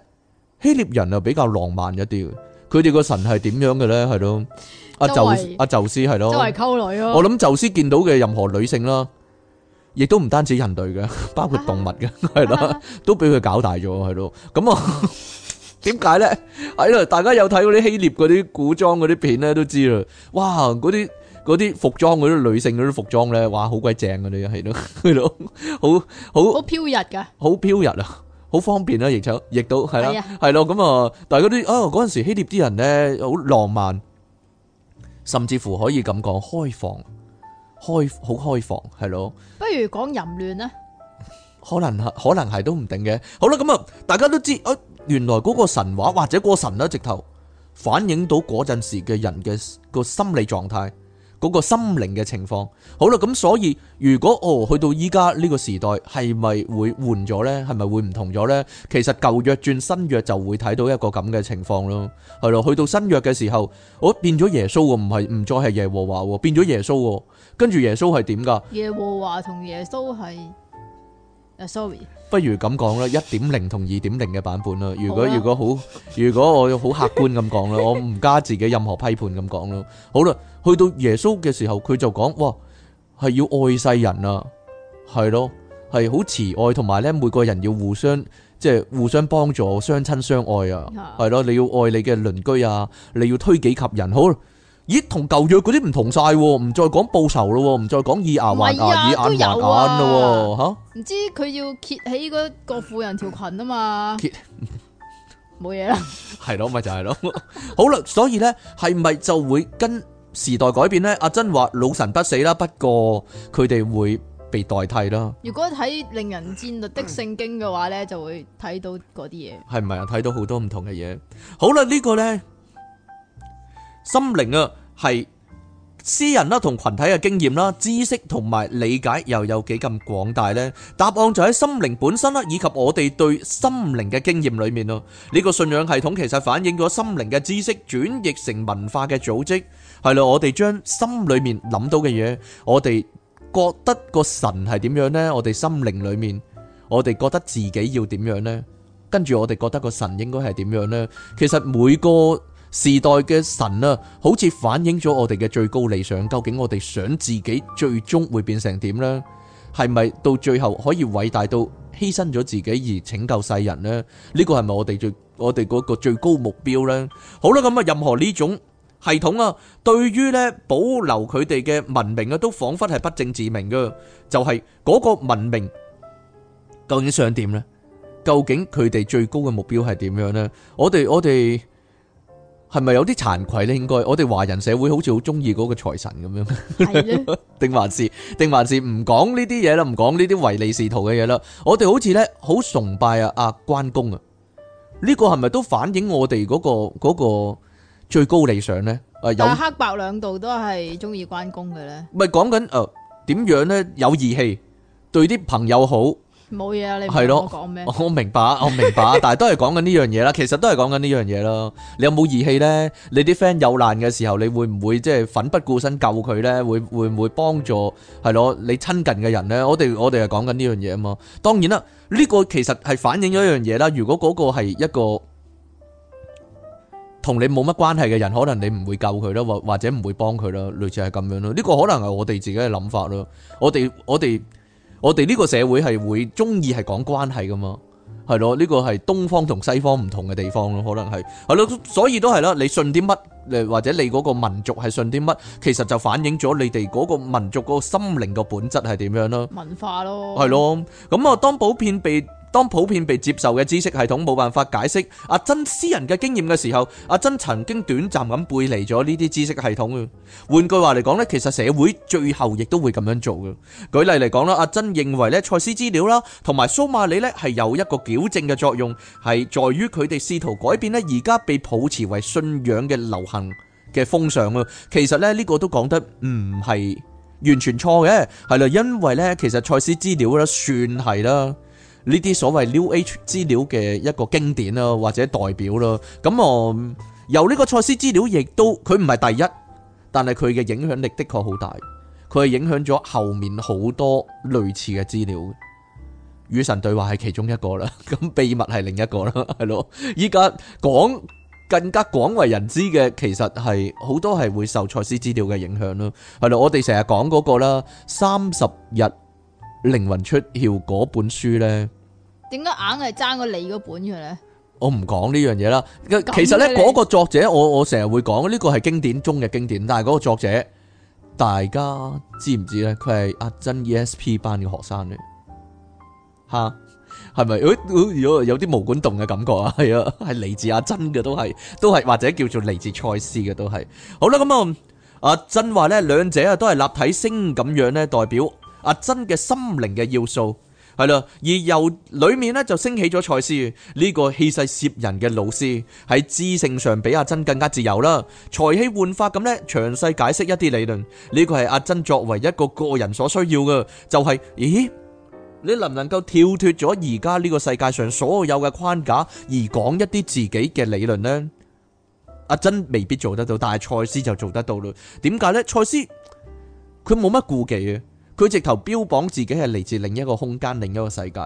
希臘人又比較浪漫一啲嘅，佢哋個神係點樣嘅呢？係咯，阿宙阿宙斯係咯，周圍溝女咯。我諗宙斯見到嘅任何女性啦。亦都唔單止人類嘅，包括動物嘅，係咯，都俾佢搞大咗，係咯。咁 啊，點解咧？係啦，大家有睇過啲希臘嗰啲古裝嗰啲片咧，都知啦。哇，嗰啲嗰啲服裝，嗰啲女性嗰啲服裝咧，哇，好鬼正嗰啲，係咯，係咯，好好。好飄逸㗎，好飄逸的啊，好方便啦，亦就亦都係啦，係咯。咁啊，但係嗰啲啊嗰陣時希臘啲人咧，好浪漫，甚至乎可以咁講開放。開好開放係咯，不如講淫亂咧 ？可能係，可能係都唔定嘅。好啦，咁啊，大家都知啊，原來嗰個神話或者個神咧，直頭反映到嗰陣時嘅人嘅，個心理狀態，嗰個心靈嘅情況。好啦，咁所以如果哦去到依家呢個時代，係咪會換咗呢？係咪會唔同咗呢？其實舊約轉新約就會睇到一個咁嘅情況咯。係咯，去到新約嘅時候，我、哦、變咗耶穌嘅，唔係唔再係耶和華，變咗耶穌。跟住耶穌係點噶？耶和華同耶穌係誒，sorry，不如咁講啦，一點零同二點零嘅版本啦。如果如果好，如果我要好客觀咁講啦，我唔加自己任何批判咁講咯。好啦，去到耶穌嘅時候，佢就講，哇，係要愛世人啊，係咯，係好慈愛，同埋咧每個人要互相即係互相幫助，相親相愛啊，係咯，你要愛你嘅鄰居啊，你要推己及人，好。咦，同舊約嗰啲唔同晒，唔再講報仇咯，唔再講以牙還牙，以眼還眼咯，吓？唔知佢要揭起嗰個婦人條裙啊嘛？揭，冇嘢啦。係咯，咪就係咯。好啦，所以咧，係咪就會跟時代改變咧？阿珍話老神不死啦，不過佢哋會被代替啦。如果睇令人戰栗的聖經嘅話咧，就會睇到嗰啲嘢。係咪啊？睇到好多唔同嘅嘢。好啦，呢個咧。心靈啊，係私人啦同群體嘅經驗啦，知識同埋理解又有幾咁廣大呢？答案就喺心靈本身啦，以及我哋對心靈嘅經驗裏面咯。呢個信仰系統其實反映咗心靈嘅知識，轉譯成文化嘅組織，係咯。我哋將心裏面諗到嘅嘢，我哋覺得個神係點樣呢？我哋心靈裏面，我哋覺得自己要點樣呢？跟住我哋覺得個神應該係點樣呢？其實每個時代嘅神啊，好似反映咗我哋嘅最高理想。究竟我哋想自己最終會變成點呢？係咪到最後可以偉大到犧牲咗自己而拯救世人呢？呢個係咪我哋最我哋嗰個最高目標呢？好啦，咁啊，任何呢種系統啊，對於呢保留佢哋嘅文明啊，都仿佛係不正自明噶。就係嗰個文明究竟想點呢？究竟佢哋最高嘅目標係點樣呢？我哋我哋。係咪有啲慚愧咧？應該我哋華人社會好似好中意嗰個財神咁樣，定還是定還是唔講呢啲嘢啦，唔講呢啲唯利是圖嘅嘢啦。我哋好似咧好崇拜啊啊，關公啊，呢個係咪都反映我哋嗰個嗰個最高理想咧？有，黑白兩道都係中意關公嘅咧。唔係講緊誒，點樣咧？有義氣，對啲朋友好。冇嘢啊！你係咯，我講咩？我明白，我明白，但係都係講緊呢樣嘢啦。其實都係講緊呢樣嘢咯。你有冇義氣呢？你啲 friend 有難嘅時候，你會唔會即係奮不顧身救佢呢？會，會唔會幫助？係咯，你親近嘅人呢？我哋我哋係講緊呢樣嘢啊嘛。當然啦，呢個其實係反映咗一樣嘢啦。如果嗰個係一個同你冇乜關係嘅人，可能你唔會救佢咯，或、或者唔會幫佢咯，類似係咁樣咯。呢個可能係我哋自己嘅諗法咯。我哋我哋。我哋呢個社會係會中意係講關係噶嘛，係咯？呢、這個係東方同西方唔同嘅地方咯，可能係。係咯，所以都係啦。你信啲乜誒？或者你嗰個民族係信啲乜？其實就反映咗你哋嗰個民族嗰個心靈嘅本質係點樣咯。文化咯，係咯。咁、嗯、我當普遍被。當普遍被接受嘅知識系統冇辦法解釋阿珍私人嘅經驗嘅時候，阿珍曾經短暫咁背離咗呢啲知識系統啊。換句話嚟講呢，其實社會最後亦都會咁樣做嘅。舉例嚟講啦，阿珍認為咧，賽斯資料啦，同埋蘇馬里咧係有一個矯正嘅作用，係在於佢哋試圖改變咧而家被抱持為信仰嘅流行嘅風尚啊。其實咧呢個都講得唔係完全錯嘅，係啦，因為呢其實賽斯資料啦，算係啦。呢啲所謂 New Age 資料嘅一個經典咯，或者代表咯，咁我由呢個賽斯資料亦都佢唔係第一，但係佢嘅影響力的確好大，佢係影響咗後面好多類似嘅資料。與神對話係其中一個啦，咁秘密係另一個啦，係咯。依家講更加廣為人知嘅，其實係好多係會受賽斯資料嘅影響咯，係咯。我哋成日講嗰個啦，三十日靈魂出竅嗰本書呢。點解硬係爭個你嗰本嘅咧？我唔講呢樣嘢啦。其實咧，嗰個作者，我我成日會講呢個係經典中嘅經典。但係嗰個作者，大家知唔知咧？佢係阿珍 ESP 班嘅學生咧。吓，係咪？有有有啲毛管動嘅感覺啊？係啊，係嚟自阿珍嘅，都係都係或者叫做嚟自賽斯嘅，都係。好啦，咁啊，阿珍話咧，兩者啊都係立體聲咁樣咧，代表阿珍嘅心靈嘅要素。係啦，而由裏面咧就升起咗賽斯呢、這個氣勢攝人嘅老師，喺知性上比阿珍更加自由啦。才氣煥發咁咧，詳細解釋一啲理論，呢個係阿珍作為一個個人所需要嘅，就係、是、咦，你能唔能夠跳脫咗而家呢個世界上所有嘅框架，而講一啲自己嘅理論呢？阿珍未必做得到，但係賽斯就做得到啦。點解呢？賽斯佢冇乜顧忌啊！佢直頭標榜自己係嚟自另一個空間、另一個世界，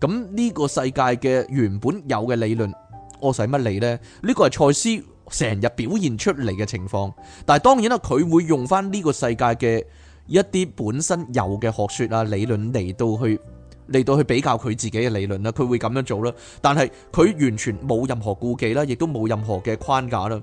咁呢個世界嘅原本有嘅理論，我使乜理呢？呢個係賽斯成日表現出嚟嘅情況，但係當然啦，佢會用翻呢個世界嘅一啲本身有嘅學說啊、理論嚟到去嚟到去比較佢自己嘅理論啦，佢會咁樣做啦，但係佢完全冇任何顧忌啦，亦都冇任何嘅框架啦。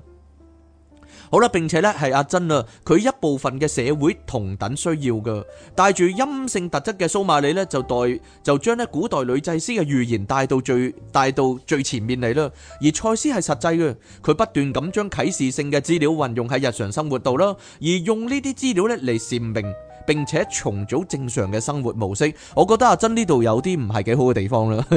好啦，並且咧係阿珍啦，佢一部分嘅社會同等需要噶，帶住陰性特質嘅蘇馬利咧就代就將咧古代女祭司嘅預言帶到最帶到最前面嚟啦。而賽斯係實際嘅，佢不斷咁將啟示性嘅資料運用喺日常生活度啦，而用呢啲資料咧嚟闡明並且重組正常嘅生活模式。我覺得阿珍呢度有啲唔係幾好嘅地方啦。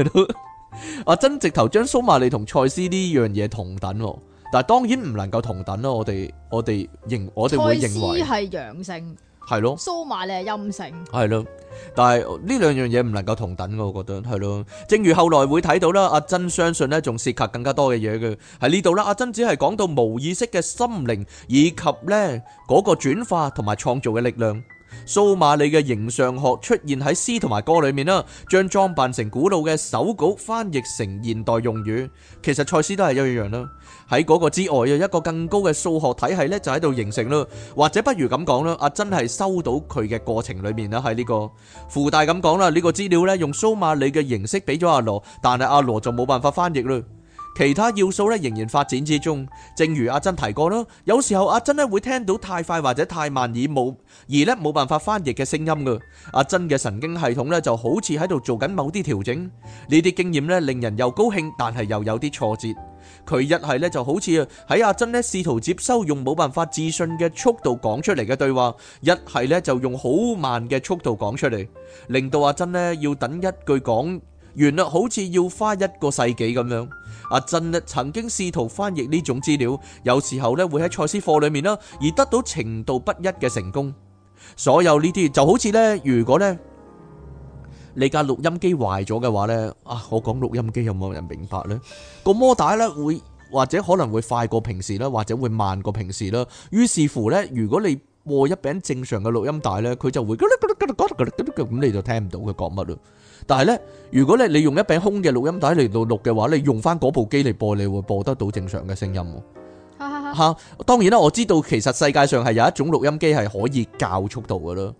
阿珍直頭將蘇馬利同賽斯呢樣嘢同等。但係當然唔能夠同等咯，我哋我哋認我哋會認為賽斯係陽性，係咯，蘇瑪利係陰性，係咯。但係呢兩樣嘢唔能夠同等嘅，我覺得係咯。正如後來會睇到啦，阿珍相信咧，仲涉及更加多嘅嘢嘅喺呢度啦。阿珍只係講到無意識嘅心靈以及咧嗰個轉化同埋創造嘅力量。蘇瑪利嘅形上學出現喺詩同埋歌裏面啦，將裝扮成古老嘅手稿翻譯成現代用語，其實賽斯都係一樣啦。喺嗰個之外有一個更高嘅數學體系咧，就喺度形成咯。或者不如咁講啦，阿珍係收到佢嘅過程裏面啦，喺呢個附帶咁講啦。呢個資料咧用蘇馬里嘅形式俾咗阿羅，但係阿羅就冇辦法翻譯咯。其他要素咧仍然發展之中。正如阿珍提過啦，有時候阿珍咧會聽到太快或者太慢而冇而咧冇辦法翻譯嘅聲音噶。阿珍嘅神經系統咧就好似喺度做緊某啲調整。呢啲經驗咧令人又高興，但係又有啲挫折。佢一係咧就好似喺阿珍呢試圖接收，用冇辦法自信嘅速度講出嚟嘅對話；一係咧就用好慢嘅速度講出嚟，令到阿珍呢要等一句講完啦，好似要花一個世紀咁樣。阿珍咧曾經試圖翻譯呢種資料，有時候呢會喺賽斯課裏面啦，而得到程度不一嘅成功。所有呢啲就好似呢，如果呢。你架錄音機壞咗嘅話咧，啊，我講錄音機有冇人明白咧？個摩帶咧會或者可能會快過平時啦，或者會慢過平時啦。於是乎咧，如果你播一柄正常嘅錄音帶咧，佢就會咁你就聽唔到佢講乜咯。但係咧，如果咧你用一柄空嘅錄音帶嚟到錄嘅話，你用返嗰部機嚟播，你會播得到正常嘅聲音。嚇嚇嚇！嚇，當然啦，我知道其實世界上係有一種錄音機係可以較速度嘅咯。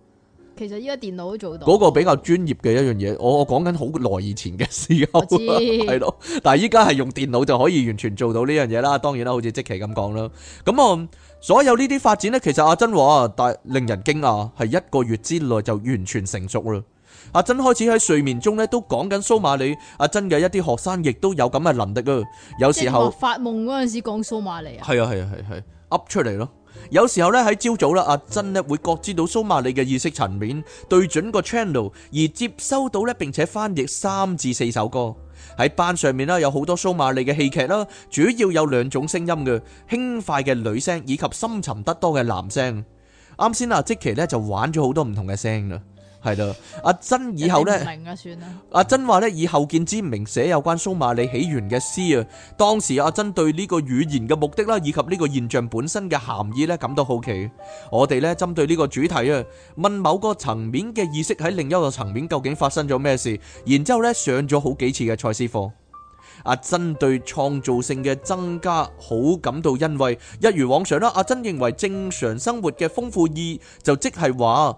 其實依家電腦都做到，嗰個比較專業嘅一樣嘢，我我講緊好耐以前嘅時候，係咯， 但係依家係用電腦就可以完全做到呢樣嘢啦。當然啦，好似即奇咁講啦，咁啊所有呢啲發展呢，其實阿珍話，但令人驚訝係一個月之內就完全成熟啦。阿珍開始喺睡眠中呢，都講緊蘇馬里，阿珍嘅一啲學生亦都有咁嘅能力啊。有時候發夢嗰陣時講蘇馬里啊，係啊係啊係係 up 出嚟咯。有時候咧喺朝早啦，阿珍咧會覺知到蘇馬利嘅意識層面對準個 channel，而接收到咧，並且翻譯三至四首歌喺班上面啦，有好多蘇馬利嘅戲劇啦，主要有兩種聲音嘅輕快嘅女聲以及深沉得多嘅男聲。啱先啊，即其咧就玩咗好多唔同嘅聲啦。係阿珍以後呢，阿珍話呢，以後見之明寫有關蘇馬里起源嘅詩啊。當時阿珍對呢個語言嘅目的啦，以及呢個現象本身嘅含義呢，感到好奇。我哋呢，針對呢個主題啊，問某個層面嘅意識喺另一個層面究竟發生咗咩事，然之後咧上咗好幾次嘅賽斯課。阿珍對創造性嘅增加好感到欣慰。一如往常啦，阿珍認為正常生活嘅豐富意，就即係話。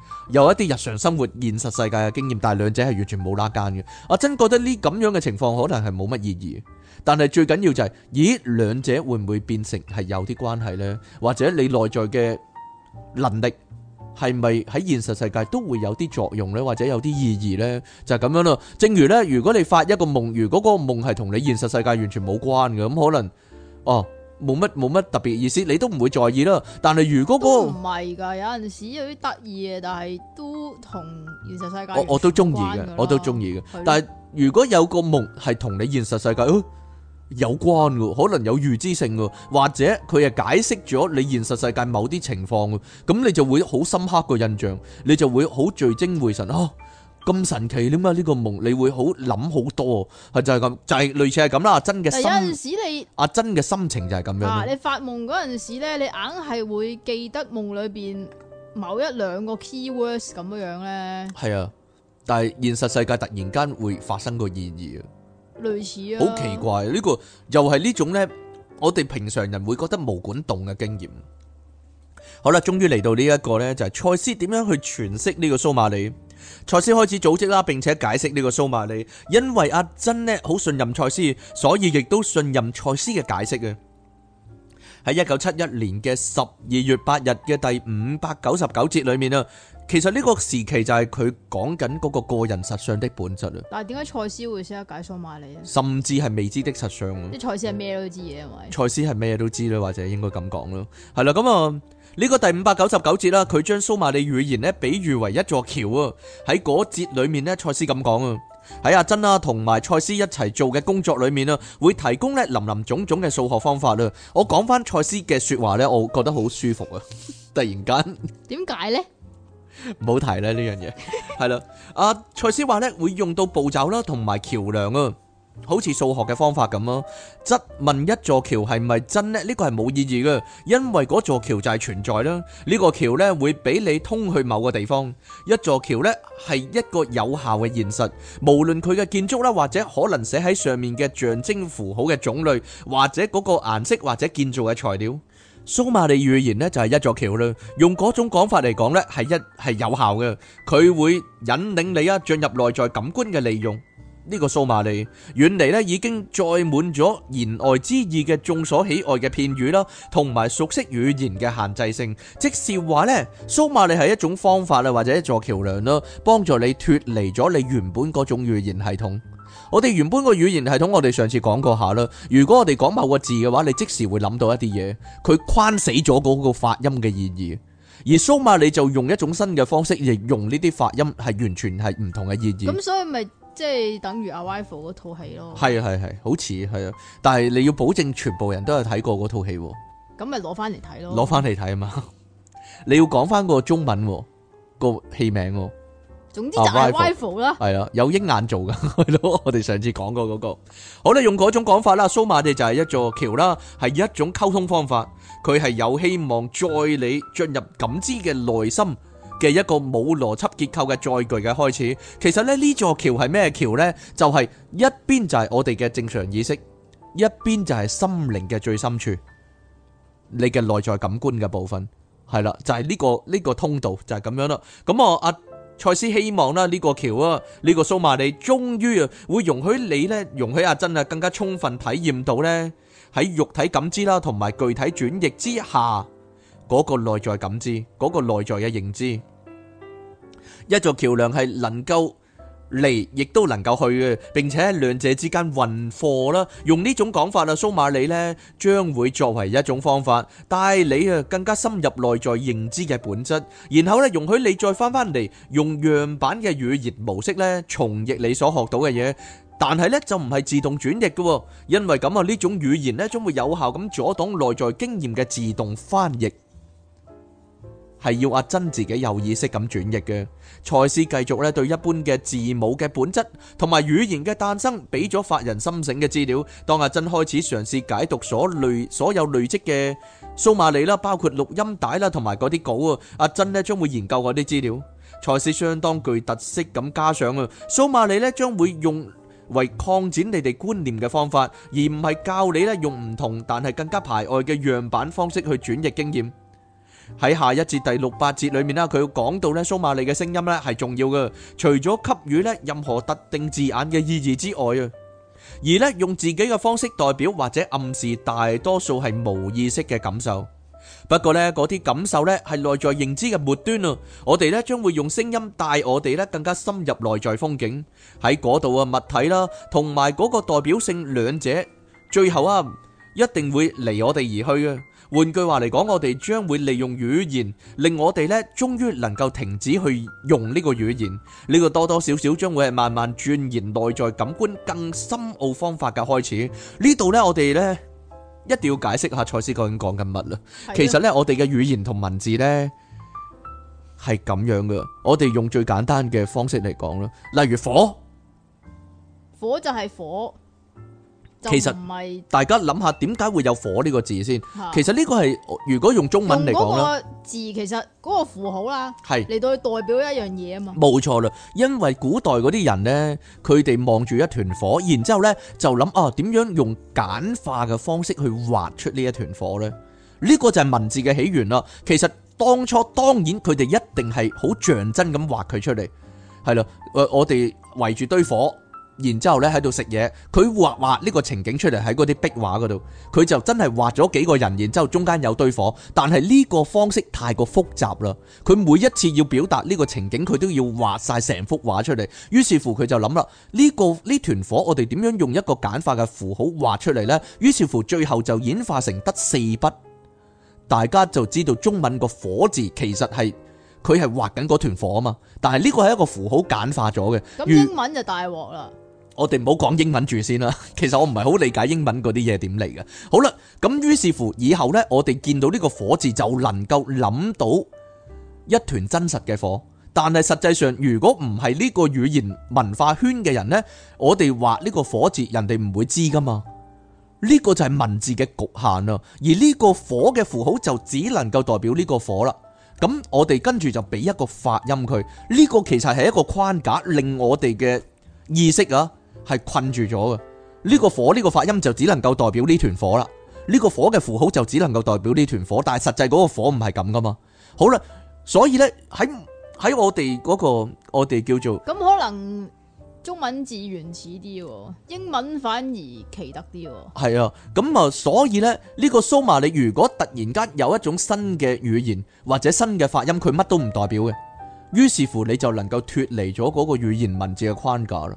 有一啲日常生活、現實世界嘅經驗，但係兩者係完全冇拉間嘅。阿珍覺得呢，咁樣嘅情況可能係冇乜意義。但係最緊要就係，咦，兩者會唔會變成係有啲關係呢？或者你內在嘅能力係咪喺現實世界都會有啲作用呢？或者有啲意義呢？就係咁樣咯。正如呢，如果你發一個夢，如果個夢係同你現實世界完全冇關嘅，咁可能，哦。冇乜冇乜特別意思，你都唔會在意啦。但係如果個都唔係㗎，有陣時有啲得意嘅，但係都同現實世界。我我都中意嘅，我都中意嘅。但係如果有個夢係同你現實世界有關嘅，可能有預知性嘅，或者佢係解釋咗你現實世界某啲情況，咁你就會好深刻個印象，你就會好聚精會神咯。咁神奇，點解呢個夢你會好諗好多？係就係咁，就係類似係咁啦。阿珍嘅心，阿珍嘅心情就係咁樣。啊，你發夢嗰陣時咧，你硬係會記得夢裏邊某一兩個 key words 咁樣樣咧。係啊，但係現實世界突然間會發生個意義啊，類似啊，好奇怪呢個又係呢種咧，我哋平常人會覺得毛管動嘅經驗。好啦，終於嚟到呢一個咧，就係賽斯點樣去詮釋呢個蘇馬里。賽斯開始組織啦，並且解釋呢個蘇馬利。因為阿珍呢好信任賽斯，所以亦都信任賽斯嘅解釋嘅。喺一九七一年嘅十二月八日嘅第五百九十九節裏面啊，其實呢個時期就係佢講緊嗰個個人實相的本質啊。但係點解賽斯會識得解蘇馬利？甚至係未知的實相。賽、嗯、斯係咩都知嘅，係咪？賽斯係咩都知啦，或者應該咁講咯，係啦咁啊。呢個第五百九十九節啦，佢將蘇馬里語言咧比喻為一座橋啊！喺嗰節裏面呢，賽斯咁講啊，喺阿珍啊同埋賽斯一齊做嘅工作裏面啊，會提供呢林林總總嘅數學方法啦。我講翻賽斯嘅說話呢，我覺得好舒服啊！突然間，點解呢？唔好 提啦呢樣嘢，係啦， 啊，賽斯話呢會用到步驟啦，同埋橋梁啊。好似數學嘅方法咁咯，質問一座橋係咪真呢？呢個係冇意義嘅，因為嗰座橋就係存在啦。呢個橋呢會俾你通去某個地方。一座橋呢係一個有效嘅現實，無論佢嘅建築啦，或者可能寫喺上面嘅象徵符號嘅種類，或者嗰個顏色或者建造嘅材料。蘇馬利語言呢就係一座橋啦，用嗰種講法嚟講呢係一係有效嘅，佢會引領你啊進入內在感官嘅利用。呢個蘇馬利遠離咧，已經載滿咗言外之意嘅眾所喜愛嘅片語啦，同埋熟悉語言嘅限制性。即係話咧，蘇馬利係一種方法啦，或者一座橋梁啦，幫助你脫離咗你原本嗰種語言系統。我哋原本個語言系統，我哋上次講過下啦。如果我哋講某個字嘅話，你即時會諗到一啲嘢，佢框死咗嗰個發音嘅意義。而蘇馬利就用一種新嘅方式亦用呢啲發音，係完全係唔同嘅意義。咁所以咪？即係等於阿 Arrival 嗰套戲咯，係啊係係，好似係啊，但係你要保證全部人都有睇過嗰套戲，咁咪攞翻嚟睇咯，攞翻嚟睇啊嘛， 你要講翻個中文個戲名，總之就係 Arrival 啦，係啊，有鷹眼做噶，係咯，我哋上次講過嗰、那個，好啦，用嗰種講法啦，蘇瑪地就係一座橋啦，係一種溝通方法，佢係有希望載你進入感知嘅內心嘅一個冇邏輯結構嘅載具嘅開始，其實咧呢座橋係咩橋呢？就係、是、一邊就係我哋嘅正常意識，一邊就係心靈嘅最深處，你嘅內在感官嘅部分，係啦，就係、是、呢、這個呢、這個通道就，就係咁樣咯。咁啊，賽斯希望啦呢個橋啊，呢、這個蘇馬利終於會容許你咧，容許阿珍啊更加充分體驗到呢喺肉體感知啦，同埋具體轉譯之下嗰、那個內在感知，嗰、那個內在嘅認知。一座橋樑係能夠嚟，亦都能夠去嘅，並且兩者之間運貨啦。用呢種講法啊，蘇馬里咧將會作為一種方法，帶你啊更加深入內在認知嘅本質，然後咧容許你再翻翻嚟用樣板嘅語言模式咧重譯你所學到嘅嘢，但係咧就唔係自動轉譯嘅，因為咁啊呢種語言咧將會有效咁阻擋內在經驗嘅自動翻譯，係要阿珍自己有意識咁轉譯嘅。賽斯繼續咧對一般嘅字母嘅本質同埋語言嘅誕生俾咗發人深省嘅資料。當阿珍開始嘗試解讀所累所有累積嘅蘇馬利啦，包括錄音帶啦同埋嗰啲稿啊，阿珍咧將會研究嗰啲資料。賽斯相當具特色咁加上啊，蘇馬利咧將會用為擴展你哋觀念嘅方法，而唔係教你咧用唔同但係更加排外嘅樣板方式去轉譯經驗。喺下一節第六八節裏面啦，佢要講到咧蘇馬利嘅聲音咧係重要嘅，除咗給予咧任何特定字眼嘅意義之外啊，而咧用自己嘅方式代表或者暗示，大多數係無意識嘅感受。不過咧嗰啲感受咧係內在認知嘅末端啊，我哋咧將會用聲音帶我哋咧更加深入內在風景，喺嗰度嘅，物體啦，同埋嗰個代表性兩者，最後啊，一定會離我哋而去啊。換句話嚟講，我哋將會利用語言，令我哋咧，終於能夠停止去用呢個語言。呢個多多少少將會係慢慢鑽研內在感官更深奧方法嘅開始。呢度咧，我哋咧一定要解釋下賽斯究竟講緊乜啦。其實咧，我哋嘅語言同文字咧係咁樣噶。我哋用最簡單嘅方式嚟講啦，例如火，火就係火。其實大家諗下點解會有火呢個字先。的其實呢個係如果用中文嚟講咧，個字其實嗰個符號啦，係嚟到代表一樣嘢啊嘛。冇錯啦，因為古代嗰啲人呢，佢哋望住一團火，然之後咧就諗啊點樣用簡化嘅方式去畫出呢一團火呢？呢、呢個就係文字嘅起源啦。其實當初當然佢哋一定係好象真咁畫佢出嚟，係啦，我我哋圍住堆火。然之後呢喺度食嘢，佢畫畫呢個情景出嚟喺嗰啲壁畫嗰度，佢就真係畫咗幾個人，然之後中間有堆火，但係呢個方式太過複雜啦。佢每一次要表達呢個情景，佢都要畫晒成幅畫出嚟。於是乎佢就諗啦，呢、呢個呢團火我哋點樣用一個簡化嘅符號畫出嚟呢？」於是乎最後就演化成得四筆，大家就知道中文個火字其實係。佢係畫緊嗰團火啊嘛，但係呢個係一個符號簡化咗嘅。咁、嗯、如英文就大鑊啦！我哋唔好講英文住先啦。其實我唔係好理解英文嗰啲嘢點嚟嘅。好啦，咁於是乎以後呢，我哋見到呢個火字就能夠諗到一團真實嘅火。但係實際上如果唔係呢個語言文化圈嘅人呢，我哋畫呢個火字，人哋唔會知噶嘛。呢、呢個就係文字嘅局限啦。而呢個火嘅符號就只能夠代表呢個火啦。咁我哋跟住就俾一個發音佢，呢個其實係一個框架，令我哋嘅意識啊係困住咗嘅。呢個火呢個發音就只能夠代表呢團火啦，呢個火嘅符號就只能夠代表呢團火，但係實際嗰個火唔係咁噶嘛。好啦，所以呢喺喺我哋嗰個我哋叫做咁可能。中文字原始啲，英文反而奇特啲。係啊，咁、嗯、啊，所以呢，呢、這個蘇麻，你如果突然間有一種新嘅語言或者新嘅發音，佢乜都唔代表嘅，於是乎你就能夠脫離咗嗰個語言文字嘅框架啦。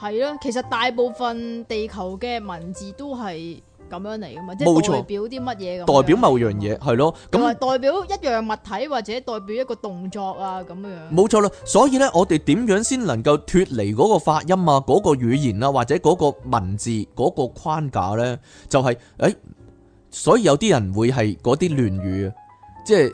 係啊，其實大部分地球嘅文字都係。咁樣嚟噶嘛，即係代表啲乜嘢咁？代表某樣嘢係咯，咁啊代表一樣物體或者代表一個動作啊咁樣。冇錯啦，所以咧，我哋點樣先能夠脫離嗰個發音啊、嗰個語言啊或者嗰個文字嗰個框架咧？就係誒，所以有啲人會係嗰啲亂語啊，即係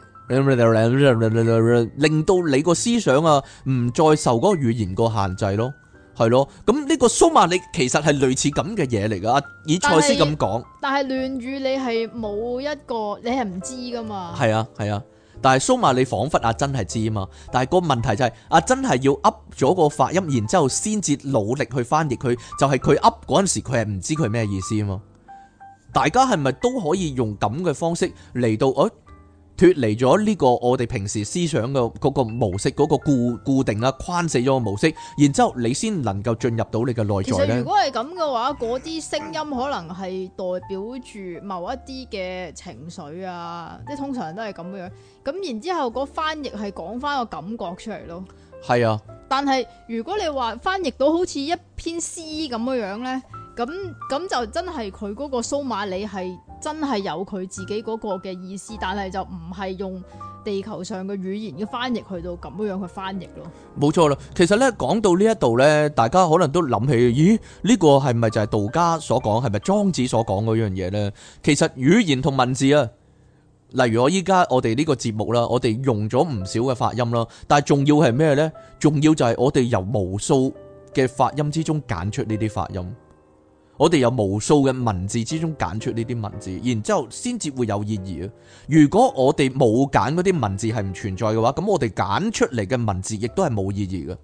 令到你個思想啊唔再受嗰個語言個限制咯。係咯，咁呢個蘇馬利其實係類似咁嘅嘢嚟噶，以賽斯咁講。但係亂語你係冇一個，你係唔知噶嘛？係啊，係啊，但係蘇馬利彷彿阿珍係知啊嘛。但係個問題就係，是、阿、啊、珍係要噏咗個發音，然之後先至努力去翻譯佢，就係佢噏嗰陣時佢係唔知佢咩意思啊嘛。大家係咪都可以用咁嘅方式嚟到？哦脫離咗呢個我哋平時思想嘅嗰個模式，嗰、嗰個固固定啊、框死咗嘅模式，然之後你先能夠進入到你嘅內在咧。其實如果係咁嘅話，嗰啲聲音可能係代表住某一啲嘅情緒啊，即係通常都係咁樣樣。咁然之後，嗰翻譯係講翻個感覺出嚟咯。係啊，但係如果你話翻譯到好似一篇詩咁樣樣咧。咁咁就真係佢嗰個蘇瑪利係真係有佢自己嗰個嘅意思，但係就唔係用地球上嘅語言嘅翻譯去到咁樣去翻譯咯。冇錯啦，其實呢講到呢一度呢，大家可能都諗起咦，呢個係咪就係道家所講係咪莊子所講嗰樣嘢呢？其實語言同文字啊，例如我依家我哋呢個節目啦，我哋用咗唔少嘅發音咯，但係重要係咩呢？重要就係我哋由無數嘅發音之中揀出呢啲發音。我哋有無數嘅文字之中揀出呢啲文字，然之後先至會有意義啊！如果我哋冇揀嗰啲文字係唔存在嘅話，咁我哋揀出嚟嘅文字亦都係冇意義嘅。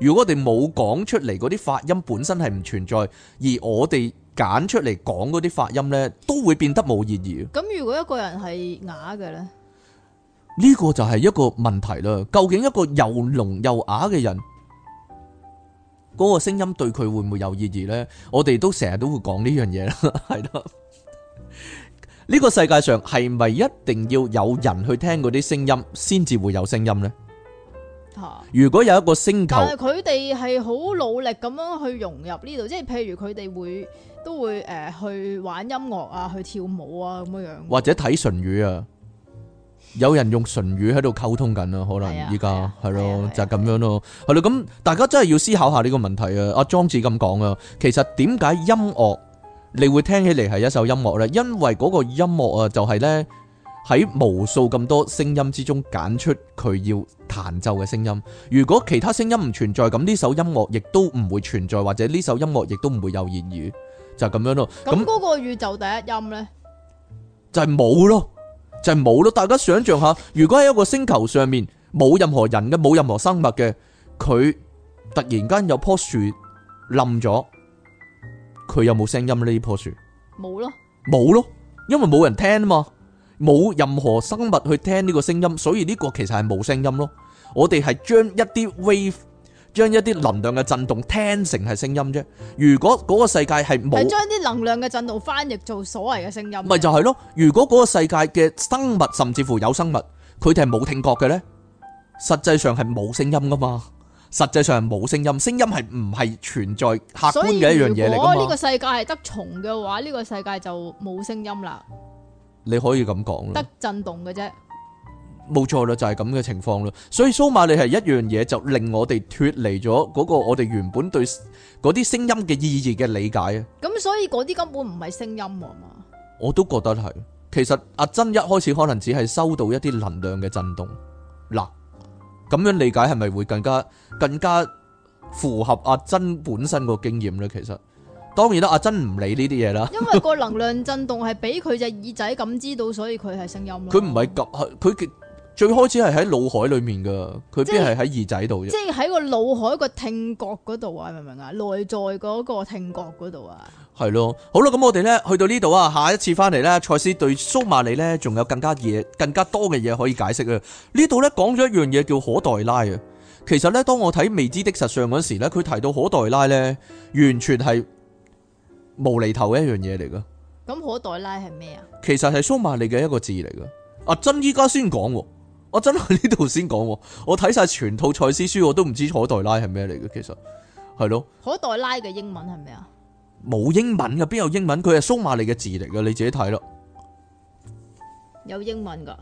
如果我哋冇講出嚟嗰啲發音本身係唔存在，而我哋揀出嚟講嗰啲發音呢，都會變得冇意義。咁如果一個人係啞嘅呢，呢個就係一個問題啦。究竟一個又聾又啞嘅人，嗰個聲音對佢會唔會有意義呢？我哋都成日都會講呢樣嘢啦，係咯。呢個世界上係咪一定要有人去聽嗰啲聲音，先至會有聲音呢？嚇！如果有一個星球，佢哋係好努力咁樣去融入呢度，即係譬如佢哋會都會誒去玩音樂啊，去跳舞啊咁樣，或者睇唇語啊。有人用唇語喺度溝通緊啊，可能依家係咯，就咁樣咯，係咯。咁大家真係要思考下呢個問題啊！阿莊子咁講啊，其實點解音樂你會聽起嚟係一首音樂咧？因為嗰個音樂啊，就係咧喺無數咁多聲音之中揀出佢要彈奏嘅聲音。如果其他聲音唔存在，咁呢首音樂亦都唔會存在，或者呢首音樂亦都唔會有言語，就係咁樣咯。咁嗰個宇宙第一音咧，就係冇咯。就係冇咯，大家想象下，如果喺一個星球上面冇任何人嘅，冇任何生物嘅，佢突然間有棵樹冧咗，佢有冇聲音呢？棵樹冇咯，冇咯，因為冇人聽啊嘛，冇任何生物去聽呢個聲音，所以呢個其實係冇聲音咯。我哋係將一啲 wave。將一啲能量嘅震動聽成係聲音啫。如果嗰個世界係冇，係將啲能量嘅震動翻譯做所謂嘅聲音。咪就係咯。如果嗰個世界嘅生物甚至乎有生物，佢哋係冇聽覺嘅呢，實際上係冇聲音噶嘛。實際上係冇聲音，聲音係唔係存在客觀嘅一樣嘢嚟噶嘛。如果呢個世界係得蟲嘅話，呢個世界就冇聲音啦。你可以咁講啦，得震動嘅啫。冇錯啦，就係咁嘅情況啦。所以蘇馬利係一樣嘢，就令我哋脫離咗嗰個我哋原本對嗰啲聲音嘅意義嘅理解啊。咁所以嗰啲根本唔係聲音啊嘛。我都覺得係。其實阿珍一開始可能只係收到一啲能量嘅振動。嗱，咁樣理解係咪會更加更加符合阿珍本身個經驗咧？其實當然啦，阿珍唔理呢啲嘢啦。因為個能量振動係俾佢隻耳仔咁知道，所以佢係聲音。佢唔係夾，佢佢。最開始係喺腦海裏面噶，佢邊係喺耳仔度啫。即係喺個腦海聽、啊、個聽覺嗰度啊，明唔明啊？內在嗰個聽覺嗰度啊。係咯，好啦，咁我哋咧去到呢度啊，下一次翻嚟咧，賽斯對蘇馬利咧，仲有更加嘢，更加多嘅嘢可以解釋啊。呢度咧講咗一樣嘢叫可代拉啊。其實咧，當我睇未知的實相嗰時咧，佢提到可代拉咧，完全係無厘頭嘅一樣嘢嚟噶。咁可代拉係咩啊？其實係蘇馬利嘅一個字嚟噶。阿、啊、珍，依家先講。.我真係呢度先講，我睇晒全套《賽斯書》，我都唔知可代拉係咩嚟嘅。其實係咯，可代拉嘅英文係咩啊？冇英文嘅，邊有英文？佢係蘇馬利嘅字嚟嘅，你自己睇咯。有英文噶？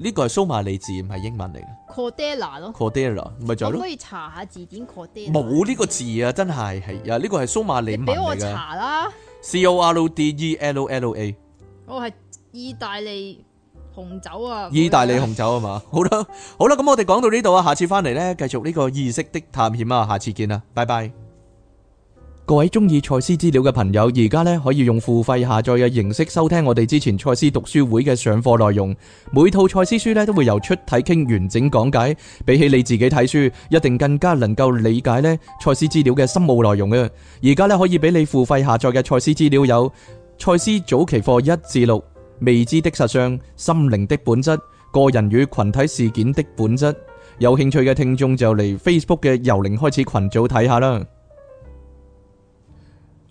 呢個係蘇馬利字，唔係英文嚟嘅。c o r d e l a 咯 c o r d e l a 唔就咯。我可以查下字典 c o r d e l a 冇呢個字啊，真係係啊，呢、這個係蘇馬利文嚟噶。俾我，我查啦。C O R D E L L, L A。我係、哦、意大利。紅酒啊，意大利紅酒啊嘛？ 好啦，好啦，咁我哋講到呢度啊，下次翻嚟呢，繼續呢個意識的探險啊，下次見啦，拜拜！各位中意賽斯資料嘅朋友，而家呢可以用付費下載嘅形式收聽我哋之前賽斯讀書會嘅上課內容，每套賽斯書呢，都會由出體傾完整講解，比起你自己睇書，一定更加能夠理解呢賽斯資料嘅深奧內容嘅。而家呢，可以俾你付費下載嘅賽斯資料有賽斯早期課一至六。未知的實相、心靈的本質、個人與群體事件的本質。有興趣嘅聽眾就嚟 Facebook 嘅由零開始群組睇下啦。